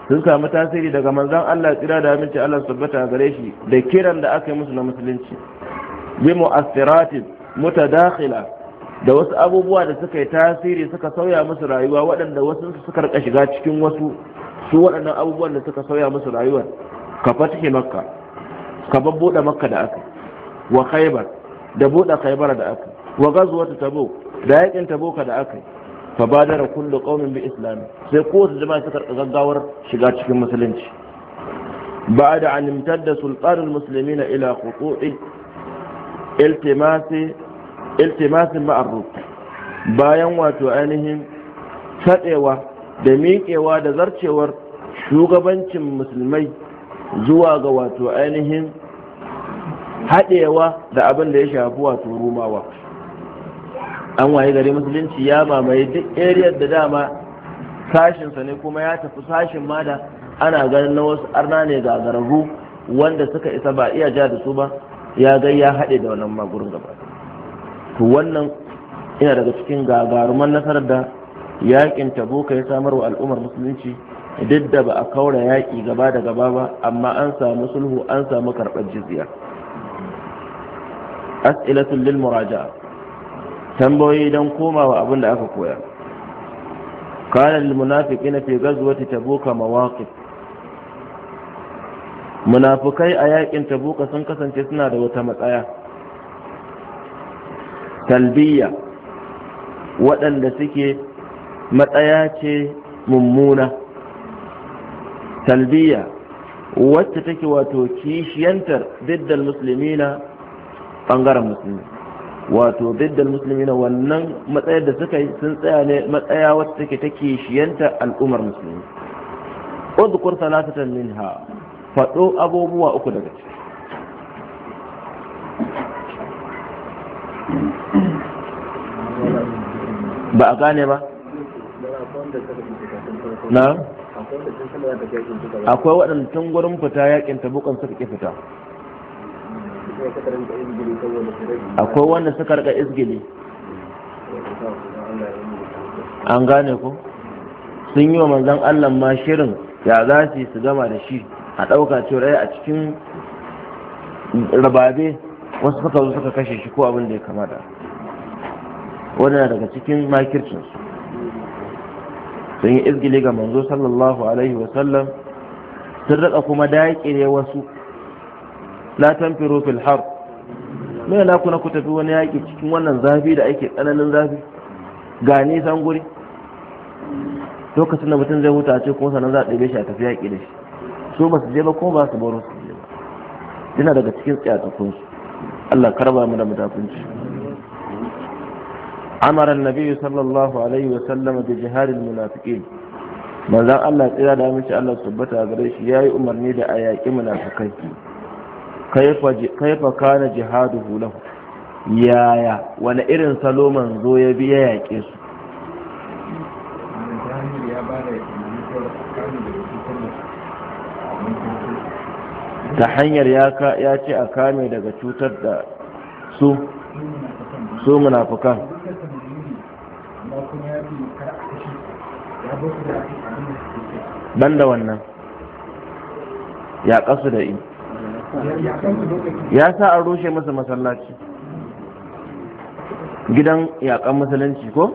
sun samu tasiri daga manzon Allah tsira da aminci Allah tabbata gare shi da kiran da aka yi musu na musulunci bi mu'assiratin mutadakhila da wasu abubuwa da suka yi tasiri suka sauya musu rayuwa waɗanda wasu suka rika shiga cikin wasu su waɗannan abubuwan da suka sauya musu rayuwar ka fatihi makka ka babbuɗe makka da aka wa khaybar da buɗe khaybar da aka wa ghazwat tabuk da yakin tabuka da aka fa badara kullu qaumin bi islam sai kowace jama'a suka gaggawar shiga cikin musulunci ba'da da imtadda da المسلمين إلى na التماس iltimasi Iltimasi bayan wato ainihin saɗewa da miƙewa da zarcewar shugabancin musulmai zuwa ga wato ainihin haɗewa da abin da ya shafi wato rumawa an waye gari musulunci ya mamaye duk ariyar da dama sashinsa ne kuma ya tafi sashin ma da ana ganin na wasu arna ne gagararru wanda suka isa ba iya ja da su ba ya gai ya haɗe da wannan magurin gaba to wannan ina daga cikin gagaruman nasarar da yakin tabo ya samar wa al'ummar musulunci duk da ba a kaura yaƙi gaba da gaba ba amma an samu sulhu an samu karɓar jizya as'ilatul lil muraja'a tambayoyi don komawa abin da aka koya kana lil munafiqina fi ghazwati tabuka mawaqif munafukai a yakin tabuka sun kasance suna da wata matsaya talbiya waɗanda suke matsaya ce mummuna talbiya wacce take wato kishiyantar diddal musulmina bangaren musulmi wato biddal musulmi na wannan matsayar da suka yi sun tsaya ne matsaya wacce take take shiyanta al'ummar musulmi udkur salatatan minha faɗo abubuwa uku daga ciki ba a gane ba na akwai waɗanda tun gurin fita yakin tabukan suka ƙi fita akwai wanda suka rika izgili an gane ku sun yi wa manzan allah ma shirin ya za su su gama da shi a ɗauka turai a cikin rababe wasu suka zo suka kashe shi ko abin da ya kamata na daga cikin makircinsu sun yi izgili ga manzo sallallahu alaihi wasallam sun rika kuma daƙire wasu la tanfiru fil har me yana kuna ku tafi wani yaƙi cikin wannan zafi da ake tsananin zafi ga nisan guri lokacin da mutum zai huta ce kuma sannan za a ɗebe shi a tafi yaƙi da shi so ba su je ba kuma ba su baro su je ba yana daga cikin su Allah karba mu da mutafinci amara annabi sallallahu alaihi wa sallam bi jiharil munafiqin manzon Allah tsira da mace Allah subhata gare shi yayi umarni da a yaƙi munafikai kaifa kana jihaduhu lahu yaya wani irin salo manzo ya biya yaƙe su ta hanyar ya ce a kame daga cutar da su su munafukan banda wannan ya kasu da ina. ya sa an rushe masa masallaci gidan yakan musulunci ko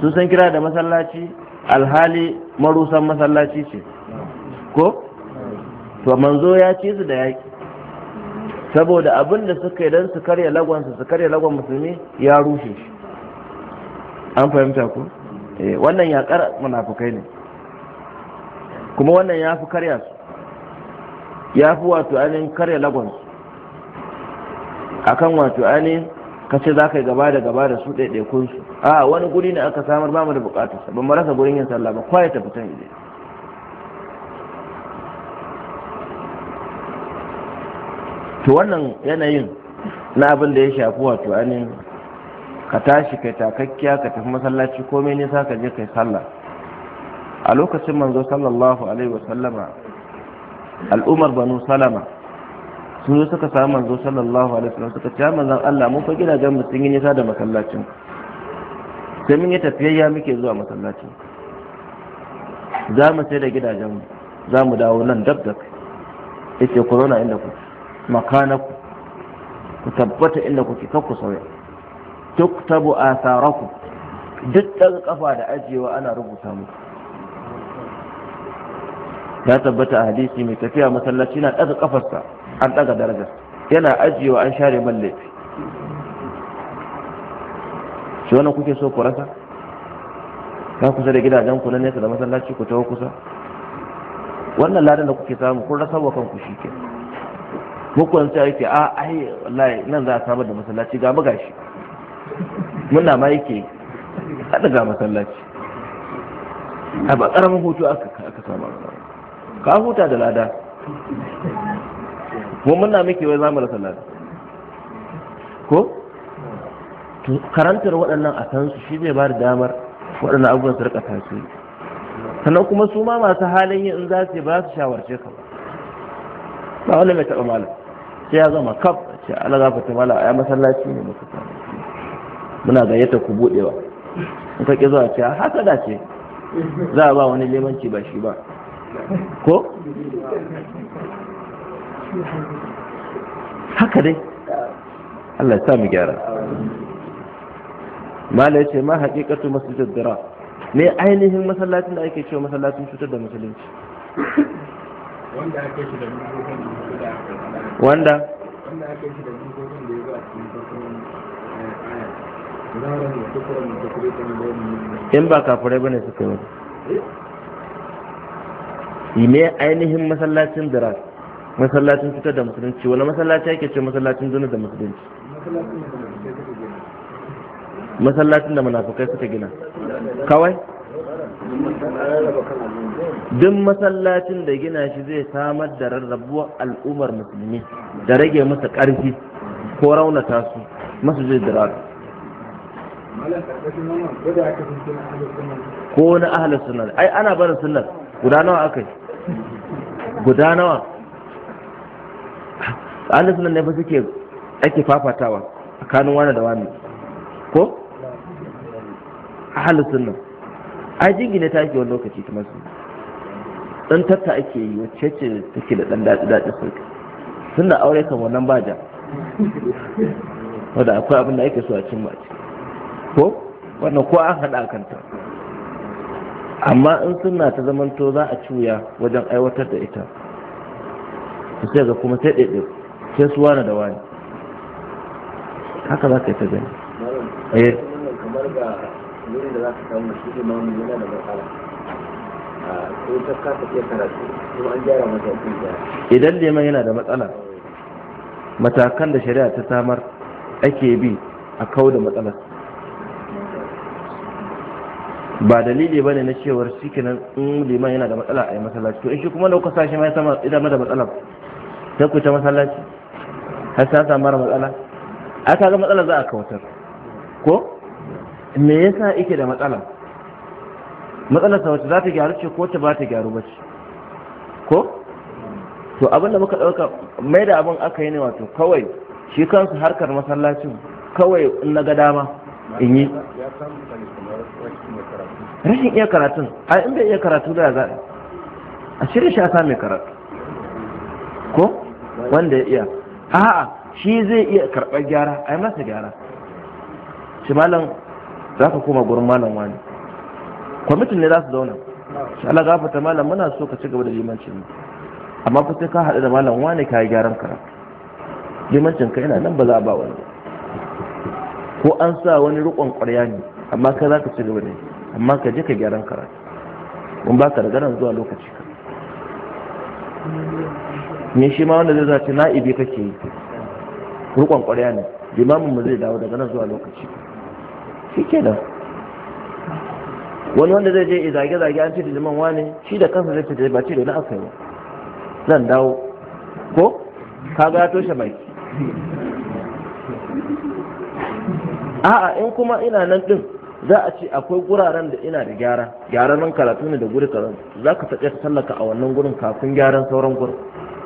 su san kira da masallaci alhali marusan masallaci ce ko to manzo ya ci su da yaƙi saboda abin da suka idan don su karya lagonsa su karya lagon musulmi ya rushe shi an fahimta ku eh, wannan yaƙar munafukai ne kuma wannan ya fi karya su ya fi wato ainihin karya lagon kan wato ainihin ka ce za ka yi gaba da gaba da su ɗaiɗaikun su a wani guri ne aka samar ba mu da buƙatar, ba mu rasa gurin yin sallah ba kwaya ta fitan ide to wannan yanayin na abin da ya shafi wato ainihin ka tashi kai takakkiya ka tafi masallaci komai nisa ka je kai sallah a lokacin manzo sallallahu alaihi wasallama al'ummar banu salama sun zo suka samu manzo sallallahu alaihi wasallam suka ce manzo Allah mun fa gidajen mu sun yi nisa da masallacin sai mun yi tafiyayya muke zuwa masallacin za mu sai da gidajen mu za mu dawo nan dab da yace ku zauna inda ku makanaku ku tabbata inda kuke kar ku sauya tuktabu asaraku duk ɗan kafa da ajiyewa ana rubuta muku Ya tabbata a hadisi mai tafiya masallaci na ɗaga ƙafarsa an ɗaga daraja. yana ajiyewa an share man laifi shi wannan kuke so ku rasa ka kusa da gidajen ku na nesa da masallaci ku tawo kusa wannan ladan da kuke samu kun rasa wa kanku shi ke muku yanzu yake a ai wallahi nan za a samar da masallaci ga mu gashi muna ma yake haɗa ga masallaci a ba ƙaramin hutu aka samu ka huta da lada mun muna miki wai zamu rasa lada ko karantar waɗannan a san su shi zai ba da damar waɗannan abubuwan su rika tasiri sannan kuma su ma masu halin yin in za su ba su shawarce ka ba wani mai taɓa malam sai ya zama kaf ce ala gafa ta mala ya masallaci ne muka muna gayyata ku buɗewa in ka ƙi zuwa ce haka da ce za a ba wani lemanci ba shi ba ko haka dai Allah ya sami gyara mala ce ma haƙiƙatu masu jaddara me ainihin masallacin da ake cewa masallacin cutar da musulunci wanda in ba kafirai bane suka yi me ainihin masallacin dirar masallacin fitar da musulunci wani masallaci ake ce masallacin zuna da musulunci masallacin da munafukai suka gina kawai duk masallacin da gina shi zai samar da rarrabuwar al'ummar musulmi da rage masa ƙarfi ko raunata su masu zai dirar ko na ahalar sunar ai ana barin sunan guda nawa aka yi guda nawa ahalin sunan ne ba suke ake fafatawa tsakanin wani da wani ko ahalin sunan ai jingine ta ake wani lokaci kamar su dan tatta ake yi wacce ce take da dan daɗi daɗi sai tunda aure kan wannan baja wanda akwai abin da ake so a cimma ko wannan ko an haɗa kanta amma in suna ta zamanto za a cuya wajen aiwatar da ita sai ga kuma sai ɗaiɗe sai su wani da wani haka za ka yi ta gani eh. yana da matsala idan neman yana da matsala matakan da shari'a ta samar ake bi a kau da matsalar ba dalili ba ne na cewar shi kenan in liman yana da matsala a yi masallaci to in shi kuma lauka sashi ma ya sama idan da matsala ta ku ta masallaci har sa sa mara matsala a ga matsala za a kawatar ko me yasa ike da matsala matsalar sa wacce za ta gyaru ce ko ta ba ta gyaru ba ce ko to abinda muka ɗauka mai da abin aka yi ne wato kawai shi kansu harkar masallacin kawai in na ga dama in yi rashin iya karatun a in bai iya karatu da za a shirya shi a sami mai karatu ko wanda ya iya a'a shi zai iya karɓar gyara a yi masa gyara shi malam za ka koma gurin malam wani kwamitin ne za su zauna shi ala gafata malam muna so ka ci gaba da limancin mu amma kusa ka haɗu da malam wani ka yi gyaran karatu limancin ka yana nan ba za a ba wani ko an sa wani rikon ƙwarya ne amma ka za ka ci gaba wani, amma ka je ka gyaran karatu kun ba ka da zuwa lokaci ka ne shi ma wanda zai zace na'ibi kake yi rikon ƙwarya ne limamin mu zai dawo daga nan zuwa lokaci shi ke da wani wanda zai je zage-zage an ce da liman wane shi da kansa zai fita ba ce da na zan dawo ko ka ga toshe baki a'a in kuma ina nan din za a ce akwai guraren da ina da gyara gyara nan karatu ne da guri kaza za ka ka sallaka a wannan gurin kafin gyaran sauran gurin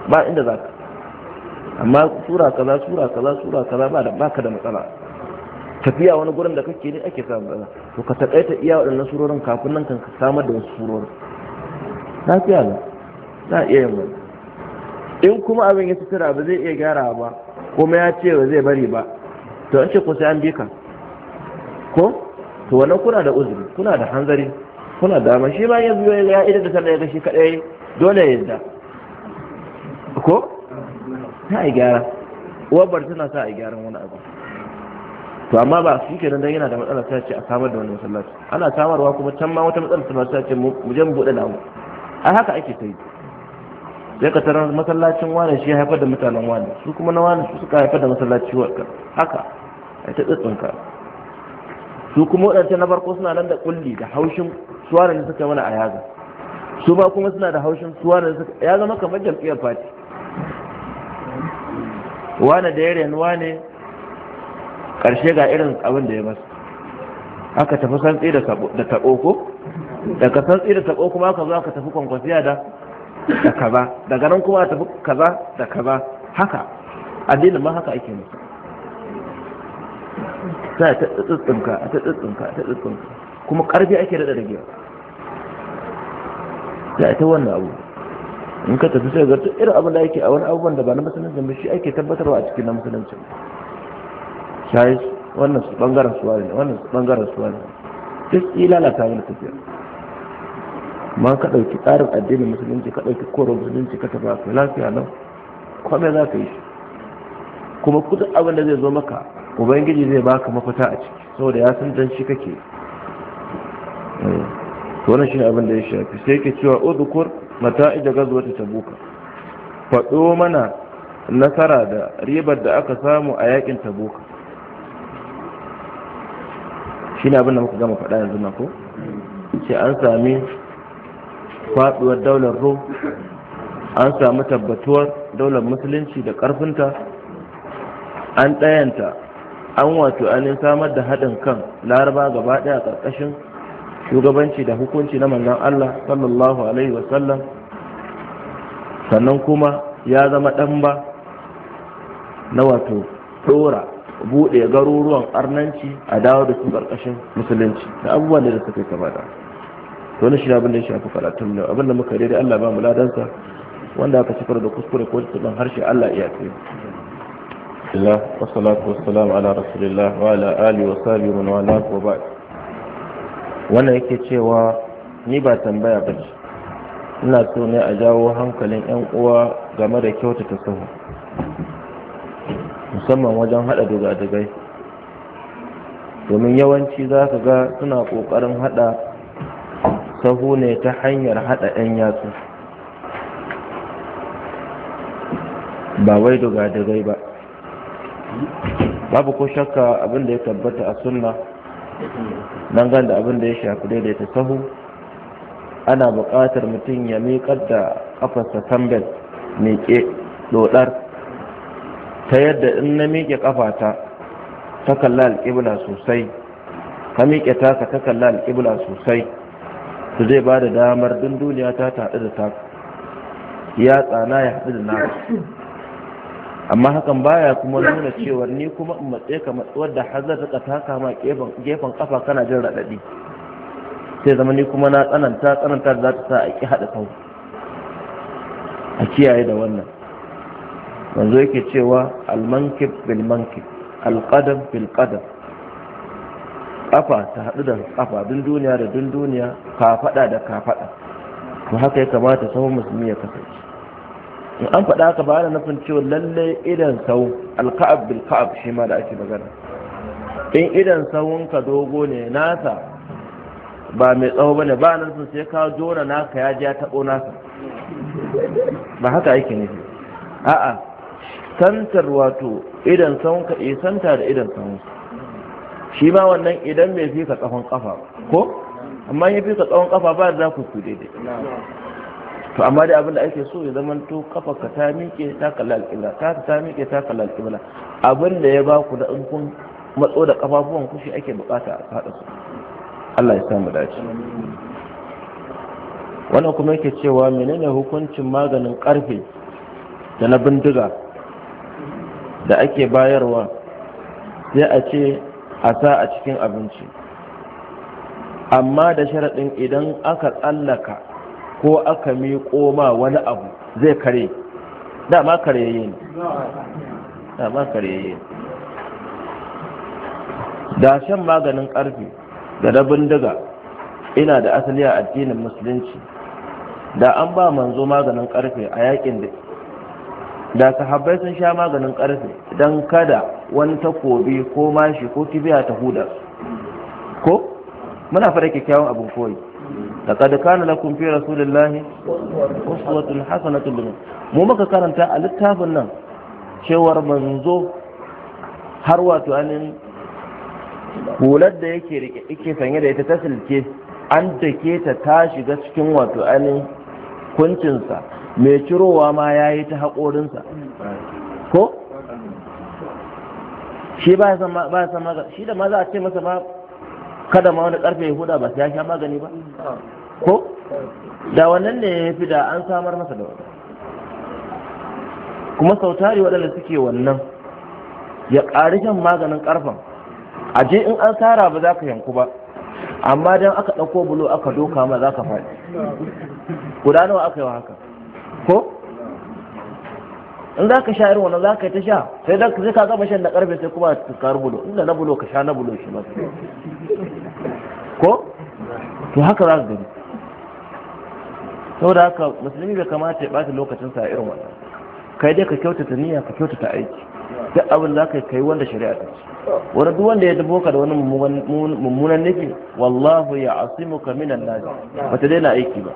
ba inda za ka amma sura kaza sura kaza sura kaza ba da baka da matsala tafiya wani gurin da kake ne ake samu matsala to ka taƙaita iya waɗannan surorin kafin nan kan ka samar da wasu surorin lafiya ne za a iya yin wani in kuma abin ya sutura ba zai iya gyara ba kuma ya ce ba zai bari ba to an ce ko sai an bi ka ko to wannan kuna da uzuri kuna da hanzari kuna da dama shi ma ya biyo ya idan da sallah ya ga shi kadai dole ya yadda ko ta a gyara uwar bar tana sa a gyaran wani abu to amma ba su nan dan yana da matsala ta ce a samar da wani sallah ana samarwa kuma can ma wata matsala ta ce mu je mu bude namu a haka ake ta yi sai ka tarar masallacin wani shi ya haifar da mutanen wani su kuma na wani su suka haifar da masallaci haka a ta tsitsinka su kuma waɗancan na farko suna nan da kulli da haushin suwaran da suka mana a yaga su ba kuma suna da haushin suwaran da suka ya zama kamar jam'iyyar fati wane da ya renuwa ne ƙarshe ga irin abin da ya masa aka tafi santsi da taɓo ko daga santsi da tabo kuma aka zo aka tafi kwankwasiya da da kaza daga nan kuma a tafi kaza da kaza haka addinin ma haka ake musu sai ta tsitsinka ta tsitsinka ta tsitsinka kuma karfi ake da ragewa da ta wannan abu in ka tafi sai zarta irin abin da yake a wani abubuwan da ba na musulunci ba shi ake tabbatarwa a cikin na musulunci shayi wannan su bangaren suwa ne wannan su bangaren suwa ne duk yi lalata mana tafiya ma ka ɗauki tsarin addinin musulunci ka ɗauki koron musulunci ka tafi a lafiya nan Kwame za ka yi shi kuma kudin abin da zai zo maka ubangiji zai baka mafita a ciki saboda ya san dan shi kake eh, to wannan shi abin da ya shafi sai ke cewa udhkur mata'i da gazwata tabuka faɗo mana nasara da ribar da aka samu a yakin tabuka ne abin da muka gama faɗa yanzu na ko sai an sami faɗuwar daular rom an sami tabbatuwar daular musulunci da ƙarfinta an ɗayanta an wato an samar da haɗin kan laraba gaba ɗaya ƙarƙashin shugabanci da hukunci na manzon Allah sallallahu alaihi wasallam sannan kuma ya zama ɗan ba na wato ɗora buɗe garuruwan arnanci a dawo da su ƙarƙashin musulunci da abubuwan da suka yi kama to ne shi abin da ya shafi karatun ne abin da muka daidai Allah ba mu ladansa wanda aka cikar da kuskure ko tsibirin harshe Allah iya tsaye الله والصلاة والسلام على yake cewa ni ba tambaya ba ina so ne a jawo hankalin 'yan uwa game da kyautata sahu musamman wajen haɗa dugadugai domin yawanci za ka ga suna ƙoƙarin haɗa sahu ne ta hanyar haɗa 'yan yatsu ba wai dugadugai ba babu ko shakka abin da ya tabbata a sunna nan gan da abin da ya shafi daidaita sahu ana buƙatar mutum ya miƙar da ƙafarsa tambel miƙe ɗoɗar ta yadda in na miƙe ƙafata ta kalla alƙibla sosai ka miƙe taka ta kalla alƙibla sosai su zai ba da damar dunduniya ta taɗu da ta ya tsana ya haɗu da nasu. amma hakan baya kuma nuna cewar ni kuma in matse ka matsuwar da har zai taka taka gefen kafa kana jin raɗaɗi sai zama ni kuma na tsananta tsananta za ta sa a ki haɗa kan a kiyaye da wannan wanzu yake cewa almankib bil mankib alqadam bil ta haɗu da kafa dun duniya da dun duniya kafaɗa da kafaɗa to haka ya kamata sahun musulmi ya kasance in an faɗa haka ba na nufin cewa lallai idan sau alka'ab bil ka'ab shi ma da ake magana in idan ka dogo ne nasa ba mai tsawo ba ne ba nan sun sai ka jona naka ya ji ya taɓo nasa ba haka yake ne a'a santar wato idan ka eh santa da idan sawun shi ma wannan idan mai fi ka tsawon kafa ko amma ya fi ka tsawon kafa ba da za ku su daidai to amma da abin da ake so ya zama to kafa ka ta miƙe ta kalla alƙibla ta ta miƙe ta kalla alƙibla abin da ya ba ku da in kun matso da kafafuwan ku ake bukata a faɗa su Allah ya samu dace wannan kuma yake cewa menene hukuncin maganin ƙarfe da na bindiga da ake bayarwa sai a ce a sa a cikin abinci amma da sharaɗin idan aka tsallaka ko aka miƙo ma wani abu zai kare dama karyayye ne dama karyayye da shan maganin ƙarfi da rabin diga ina da asali a addinin musulunci da an ba manzo maganin ƙarfe a yakin da da sahabbai sun sha maganin ƙarfe don kada wani takobi ko mashi ko kibiya ta huda ko muna fara kyakkyawan abin koyi laqad kana lakum fi rasulillahi uswatun hasanatun liman mu muka karanta a littafin nan cewar manzo har wato anin hular da yake sanye da ita ta silke an dake ta ta shiga cikin wato anin kuncinsa mai cirowa ma ya yi ta haƙorinsa ko shi ba ya san ma shi da ma za a ce masa ba kada ma wani karfe ya huda ba sai ya sha magani ba ko da wannan ne ya fi da an samar masa da wannan kuma sautari waɗanda suke wannan ya ƙari shan maganin ƙarfen a je in an tsara ba za ka yanku ba amma don aka ɗauko bulo aka doka ma za ka faɗi guda nawa aka yi wa haka ko in za ka sha irin wannan za ka yi ta sha sai da zai ka gama shan na karfe sai kuma karu bulo inda na bulo ka sha na bulo shi masu ko to haka za ka gani saboda haka musulmi bai kamata ya bata lokacin sa irin wannan kai dai ka kyautata niyya ka kyautata aiki duk abin za ka kai wanda shari'a ta wani duk wanda ya dubo ka da wani mummunan nufi wallahu ya asimu ka minan ba ta daina aiki ba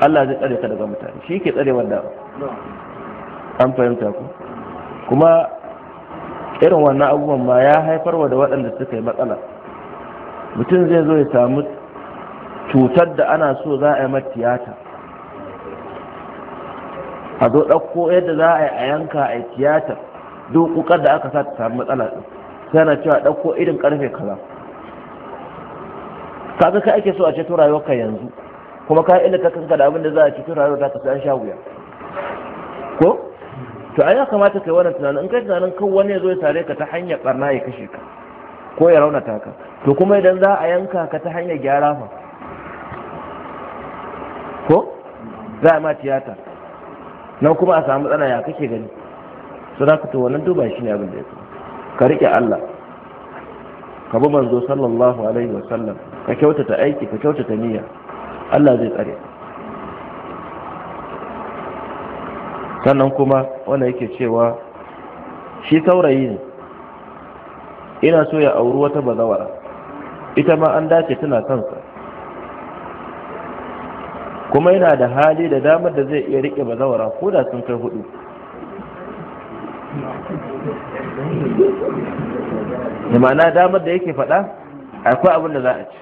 Allah zai tsare ka daga mutane shi ke tsare wanda an fahimta ku kuma irin wannan abubuwan ma ya haifar wa da waɗanda suka yi matsala mutum zai zo ya samu cutar da ana so za a yi tiyata a zo ɗauko yadda za a yi a yanka a yi tiyata duk kukar da aka sa ta samu matsala ɗin sai na cewa ɗauko irin ƙarfe kaza kaga ka ake so a ceto ka yanzu kuma ka ilika kanka da abin da za a ceto rayuwar ta ka sai an sha wuya ko to ai ya kamata kai wannan tunanin in kai tunanin kan wani ya zo ya sare ka ta hanyar barna ya kashe ka ko ya raunata ka to kuma idan za a yanka ka ta hanyar gyara fa ko za a ma tiyata nan kuma a samu tsana ya kake gani su za ka to wannan duba shi ne abin da ya ka riƙe Allah ka bi manzo sallallahu alaihi wa sallam ka kyautata aiki ka kyautata niyya Allah zai tsare ka sannan kuma wanda yake cewa shi saurayi ne ina so ya auri wata bazawara ita ma an dace tana kansa kuma yana da hali da damar da zai iya rike bazawara ko da sun kai hudu da ma'ana damar da yake faɗa akwai abin da za a ci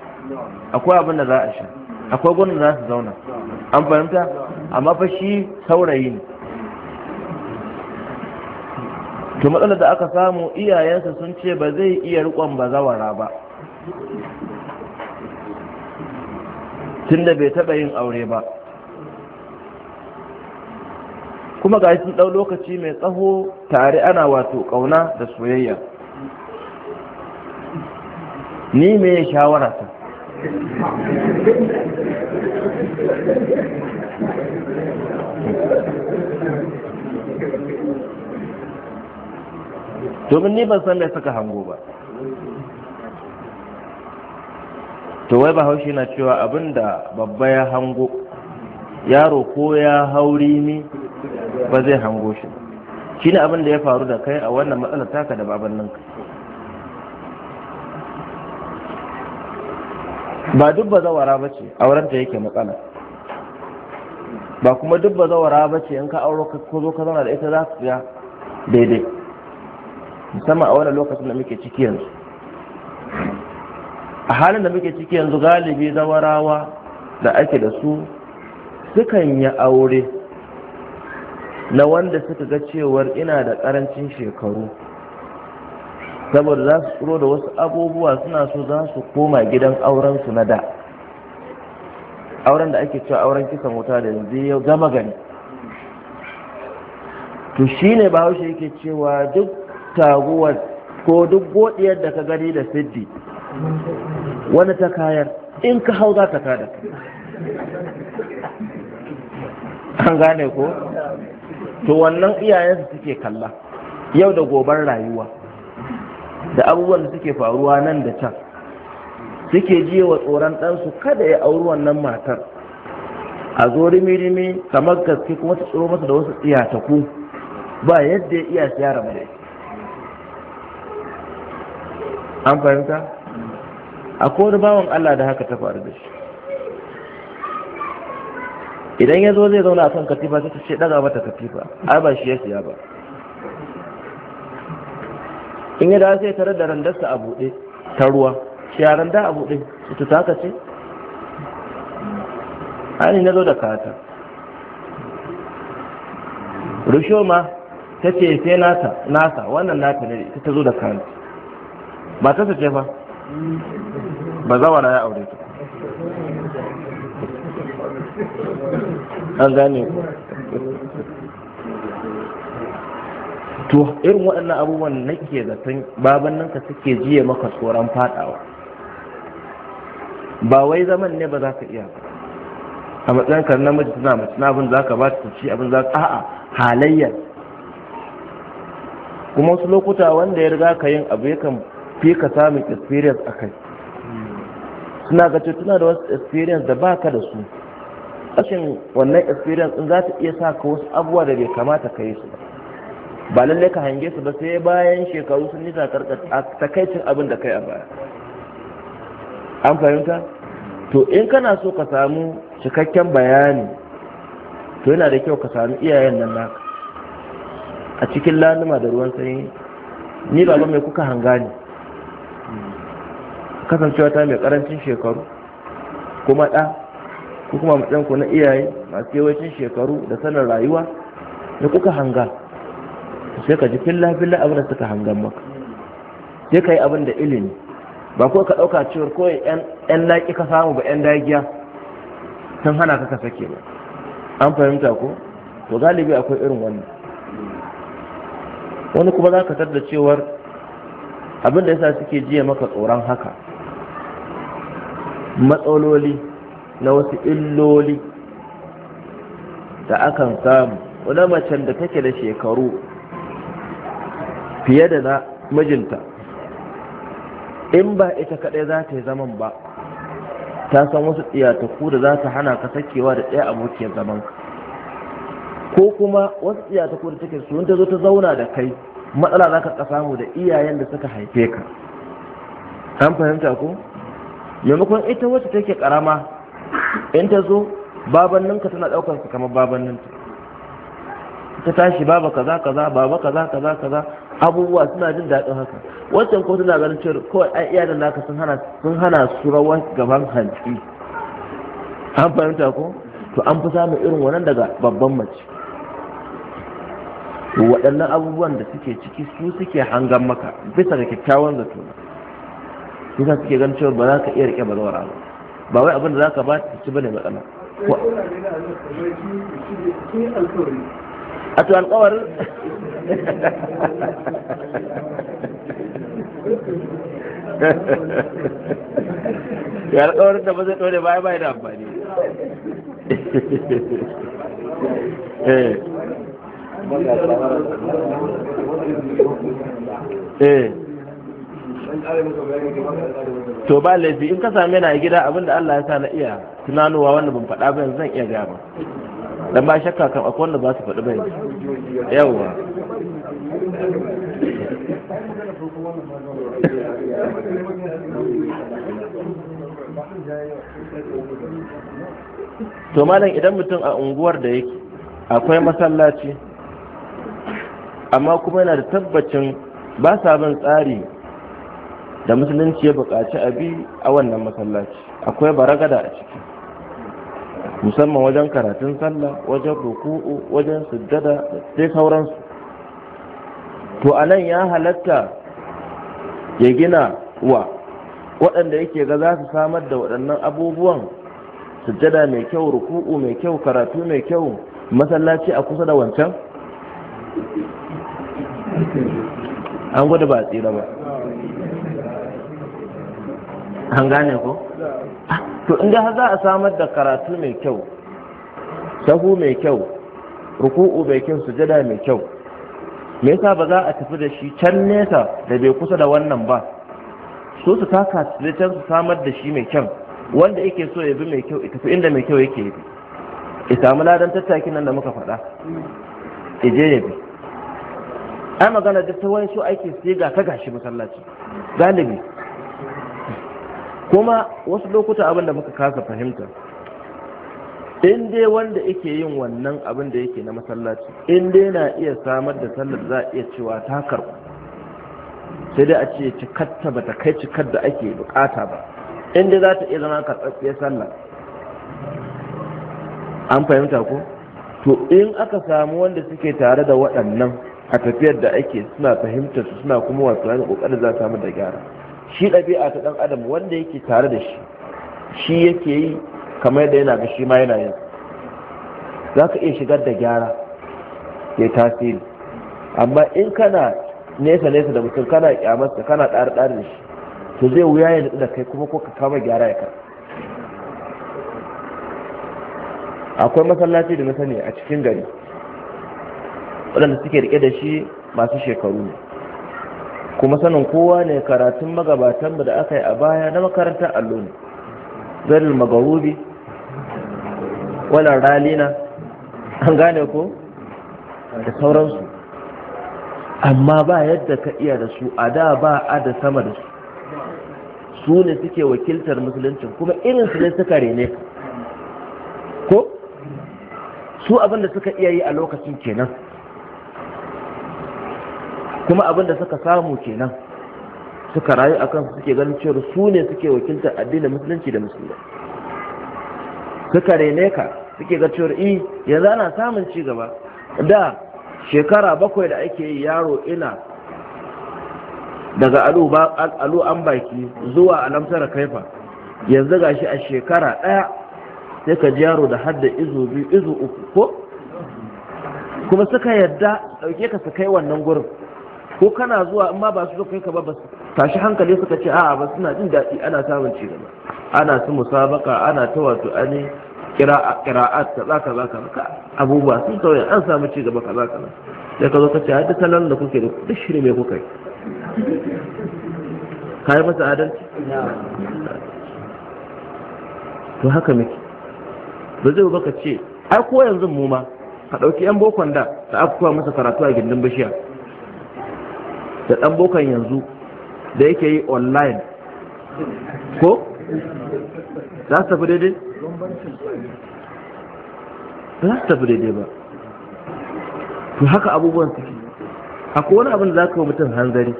akwai abin da za a sha akwai gwanda za su zauna an fahimta amma fa shi saurayi ne to matsalar da aka samu iyayensa sun ce ba zai iya rikon bazawara ba tunda bai taɓa yin aure ba kuma ga ɗau lokaci mai tsaho tare ana wato ƙauna da soyayya ni me ya shawara ta domin ni ban san mai saka hango ba to wai bahaushe na cewa abinda babba ya hango yaro ko ya hauri ni ba zai hango shi shi ne abinda ya faru da kai a wannan matsalar taka da baban ka. ba duk ba zawara ba ce aurenta yake matsala ba kuma duk ba zawara ba ce in ka auro ka zo ka zauna da ita za su ya daidai Sama a wani lokacin da muke ciki yanzu a halin da muke ciki yanzu galibi zawarawa da ake da su sukan yi aure na wanda suka ga cewar ina da ƙarancin shekaru saboda za su tsoro da wasu abubuwa suna so za su koma gidan aurensu na da auren da ake cewa auren kisan wuta da yanzu ya gama gani to shine bahaushe yake cewa duk taguwar ko duk godiyar da ka gani da siddi wani ta kayar in ka hau za ta kada an gane ko to wannan iyayensu suke kalla yau da gobar rayuwa da abubuwan da suke faruwa nan da can suke jiye wa tsoron ɗansu kada ya auri wannan matar a zo rimi-rimi kamar gaske kuma ta tsoro masa da wasu tsiyataku ba yadda ya iya siyara mai an fahimta A wani bawan Allah da haka ta faru da shi idan ya zo zai zauna a kan katifa sai ta ce daga mata katifa ai ba shi ya siya ba in ya dawo sai tare da randarsa a buɗe ta ruwa shi ya randa a buɗe su ta haka ce ani na zo da kata rushoma ta ce sai nasa wannan nata ne ta zo da kanta ta ce fa ba zawara ya aure ta an gane ku to irin waɗannan abubuwan nake zaton baban nan ka suke jiye maka tsoron fadawa ba wai zaman ne ba za ka iya ba a matsayin ka namiji tana mace na abin za ka ba ta ci abin za ka a'a halayyar kuma wasu lokuta wanda ya riga ka yin abu yakan sai ka samu experience a kai suna ga tuna da wasu experience da baka da su rashin wannan experience in za ta iya sa ka wasu abubuwa da bai kamata ka yi su ba ba lallai ka hange su ba sai bayan shekaru sun nisa takaicin abin da kai a baya an fahimta to in kana so ka samu cikakken bayani to yana da kyau ka samu iyayen nan naka a cikin laluma da ruwan sanyi ni baba mai kuka hanga ne kasancewa ta mai karancin shekaru kuma ɗa ko kuma matsayin ku na iyaye masu yawancin shekaru da sanar rayuwa da kuka hanga sai ka ji filla filla abin da suka hangan maka sai ka yi abin da ilimi ba ko ka ɗauka cewar ko yan laƙi ka samu ba yan dagiya sun hana ka ka sake ba an fahimta ko to galibi akwai irin wannan wani kuma za ka tar cewar abin da yasa suke jiya maka tsoron haka matsaloli na wasu illoli da akan samu wani macen da take da shekaru fiye da na mijinta in ba ita kaɗai za ta yi zaman ba ta san wasu tsiyataku da za ta hana ka sakewa da ɗaya abokiyar zaman ka ko kuma wasu tsiyataku da take sun ta zo ta zauna da kai matsala za ka samu da iyayen da suka haife ka an fahimta ko maimakon ita wacce take karama in ta zo babanninka tana daukar ka kamar babanninta ta tashi baba kaza kaza baba kaza kaza kaza abubuwa suna jin daɗin haka wancan ko tana ganin cewa kawai ai iyalan naka sun hana sun hana su rawa gaban hanci an fahimta ko to an fi samun irin wannan daga babban mace waɗannan abubuwan da suke ciki su suke hangan maka bisa ga kyakkyawan zato shi za suke gan cewa ba za ka iya rike bazawara ba ba wai abin da za ka ba ta ci bane matsala a to alkawarin ya alkawarin da ba zai ɗore baya baya da amfani eh eh to ba laifi in ka same na gida abin da Allah ya sa na iya tunanowa wanda ban faɗa ba yanzu zan iya gaya ba dan ba shakka kan akwai wanda ba su faɗi ba yawa to malam idan mutum a unguwar da yake akwai masallaci amma kuma yana da tabbacin ba sa bin tsari da musulunci ya buƙaci abi a wannan masallaci akwai baragada a ciki musamman wajen karatun sallah wajen ruku'u wajen sujjada da sai sauransu to a nan ya halatta ya gina wa waɗanda yake ga za su samar da waɗannan abubuwan sujjada mai kyau ruku'u mai kyau karatu mai kyau masallaci a kusa da wancan an gudu ba tsira ba an gane ko ah, to inda za a samar da karatu mai kyau sahu mai kyau ruku'u mai kyau sujada mai kyau me yasa ba za a tafi da shi can nesa da bai kusa da wannan ba so su taka su can su samar da shi mai kyau wanda yake so ya bi mai kyau ita inda mai kyau yake bi ya samu ladan tattakin nan da muka faɗa ya je ya bi ai magana duk ta wani so ake siga ta gashi masallaci galibi kuma wasu lokuta abin da muka kasa fahimta in dai wanda yake yin wannan abin da yake na masallaci in dai na iya samar da sallar za a iya cewa ta karɓa sai dai a ce cikatta ba ta kai cikar da ake bukata ba in dai za ta iya zama karɓaɓɓiyar sallah an fahimta ko to in aka samu wanda suke tare da waɗannan a tafiyar da ake suna fahimtar su suna kuma wasu wani ƙoƙarin za a samu da gyara shi ɗabi'a ta ɗan adam wanda yake tare da shi shi yake yi kamar yadda yana ga shi ma yana yin za ka iya shigar da gyara ya tasiri amma in kana nesa nesa da mutum kana kyamarsa kana ɗari ɗari da shi to zai wuya ya da kai kuma ko ka kama gyara ya ka akwai masallaci da na sani a cikin gari waɗanda suke rike da shi masu shekaru ne kuma sanin kowa ne karatun magabatanmu da aka yi a baya na makarantar allo ne magarubi wannan ralina an gane ko da sauransu amma ba yadda ka iya da su a da ba a da sama da su su ne suke wakiltar musulunci kuma irin su ne suka rene ko su abin da suka iya yi a lokacin kenan kuma abinda suka samu kenan suka rayu a kansu suke ganin cewa su ne suke wakiltar addinin musulunci da musulmai suka rene ka suke ga cewa i eh, yanzu ana samun ci gaba da shekara bakwai da ake yi yaro ina daga alu an baki zuwa alamsar kaifa yanzu shi a shekara ɗaya sai ka ji yaro da hadda izu biyu izu uku ko kuma suka yarda ɗauke ka su kai wannan gurin ko kana zuwa in ma ba su kai ka ba ba tashi hankali suka ce a'a ba suna jin daɗi ana samun ci gaba ana ta musabaka ana ta wato ani kira'at zaka zaka ka abubuwa sun sauya an samu ci gaba kaza kaza sai ka zo ka ce a duk salon da kuke da duk shiri me kuka yi kai masa adalci to haka miki ba zai ba ka ce ai ko yanzu mu ma ka ɗauki yan bokon da ta afkuwa masa karatu a gindin bishiya da ɗan bokan yanzu da yake yi online ko za su tafi daidai ba za su tafi daidai ba to haka abubuwan suke akwai wani abin da za ka mutum hanzari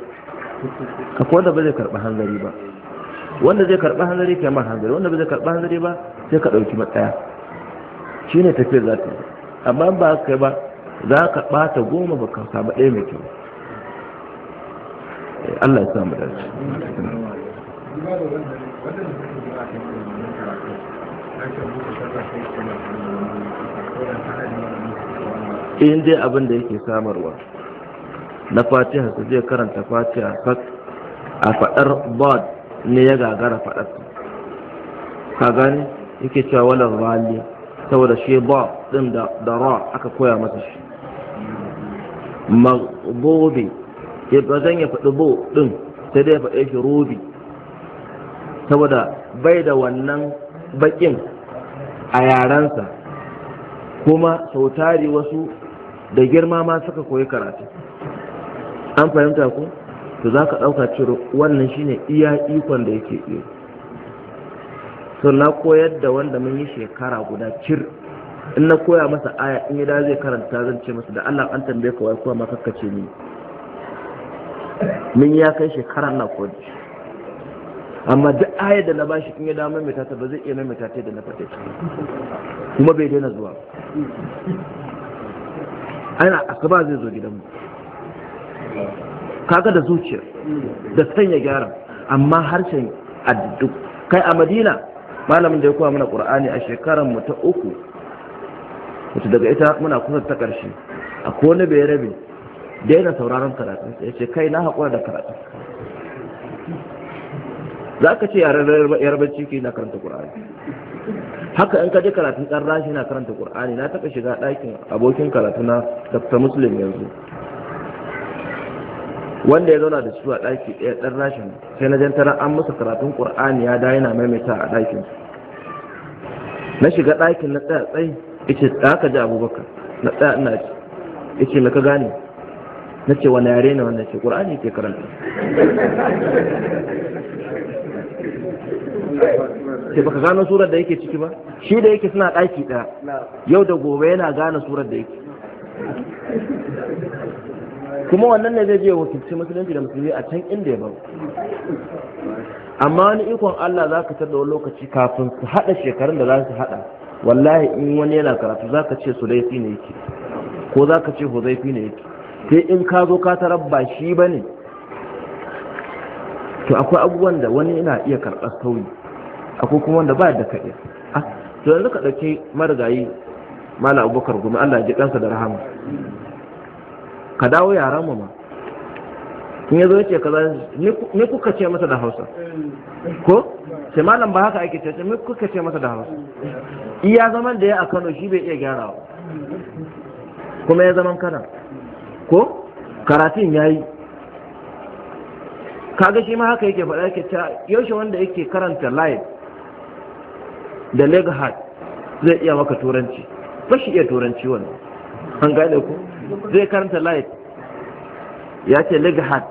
akwai wanda ba zai karɓi hanzari ba wanda zai karɓi hanzari kai mar hanzari wanda ba zai karɓi hanzari ba sai ka ɗauki matsaya shi ne tafiyar za ta yi amma ba ka ba za ka ɓata goma ba ka samu ɗaya mai kyau Allah ya samu shi in dai abin da yake samarwa na fatiha su zai karanta fatiha a faɗar bad ne ya gagara faɗar ka gani yake cewa wala rali saboda shi ba ɗin da ra aka koya masa shi magbobi ya ba zan ya faɗi bo ɗin sai dai ya faɗe shi robi saboda bai da wannan baƙin a yarensa kuma sautari wasu da girma ma suka koyi karatu an fahimta ku to za ka ɗauka wannan shine iya ikon da yake iya to na koyar da wanda mun yi shekara guda cir in na koya masa aya in ya da zai karanta zan ce masa da Allah an tambaye ka wai kuma ma kakkace ni min ya kai shekarar na kodi amma duk ayar da na ba shi in ya mai tata ba zai iya mai tata da na fata shi kuma bai daina zuwa ana asuba zai zo gidanmu kaga da zuciya da sanya gyara amma harshen addu kai a madina malamin da ya koya mana qur'ani a shekarar mu ta uku wata daga ita muna kusa ta karshe a kone bai rabe daina sauraron karatun ya ce kai na haƙura da karatun za ka ce yaren yarbanci ke na karanta ƙur'ani haka in ka je karatun ɗan rashi na karanta ƙur'ani na taɓa shiga ɗakin abokin karatu na dr muslim yanzu wanda ya zauna da su a ɗaki ɗaya ɗan rashi sai na jantara an musu karatun ƙur'ani ya da yana maimaita a ɗakin na shiga ɗakin na tsaya tsayi ice da ka ji abubakar na tsaya ina ya ce na ka gane na ce wani yare ne ce ƙur'ani ke karanta ce baka gano surar da yake ciki ba shi da yake suna ɗaki ɗaya yau da gobe yana gane surar da yake kuma wannan ne zai je wakilci musulunci da musulmi a can inda ya ba amma wani ikon Allah za ka tada wani lokaci kafin su haɗa shekarun da za su haɗa wallahi in wani yana karatu za ka ce laifi ne yake ko za ka ce huzaifi ne yake sai in ka zo ka tarar ba shi ba ne to akwai abubuwan da wani yana iya karɓar sauyi akwai kuma wanda ba da kaɗe ah, to yanzu ka ɗauki marigayi mala abubakar gumi allah ji ɗansa da rahama ka dawo yaran mu ma in ya zo yace kaza ni kuka ce masa da hausa ko sai malam ba haka ake ce ni kuka ce masa da hausa iya zaman da ya a kano shi bai iya gyarawa kuma ya zaman kanan ko karatun ya yi kaga shi ma haka yake faɗa yake ta yaushe wanda yake karanta live da leg hard zai iya maka turanci ba shi iya turanci wannan an gane ku zai karanta live ya ce leg hard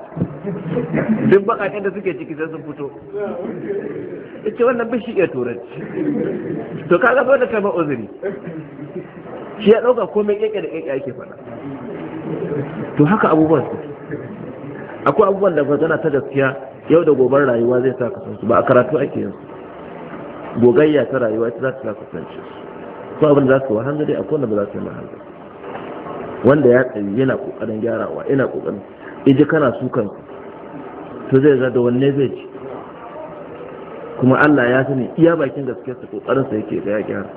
duk bakaken da suke ciki sai sun fito ita wannan ba shi iya turanci to kaga zo da kama uzuri shi ya ɗauka komai keke da keke ake faɗa to haka abubuwan su akwai abubuwan da tana ta gaskiya yau da gobar rayuwa zai sa kasance ba a karatu ake yin su gogayya ta rayuwa ita za ta kasance su abin da za su wahala dai akwai wanda ba za su yi wahala wanda ya tsayi yana kokarin gyarawa yana kokarin iji kana sukan to zai zada da wanne zai ci kuma Allah ya sani iya bakin gaskiyar sa kokarin sa yake ga ya gyara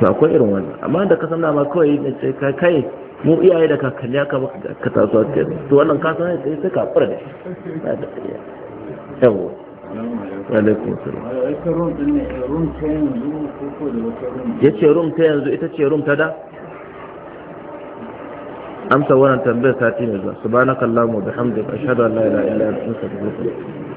to akwai irin wannan amma da ka sanna ma kawai na ce ka kai mu iyaye da kakanni aka ba ka taso a cikin to wannan ka san sai sai ka fara da shi yawo alaikum salam ce rum ta yanzu ita ce rum ta da amsa wannan tambayar sati ne zuwa subhanakallahumma wa bihamdika ashhadu an la ilaha illa anta astaghfiruka wa atubu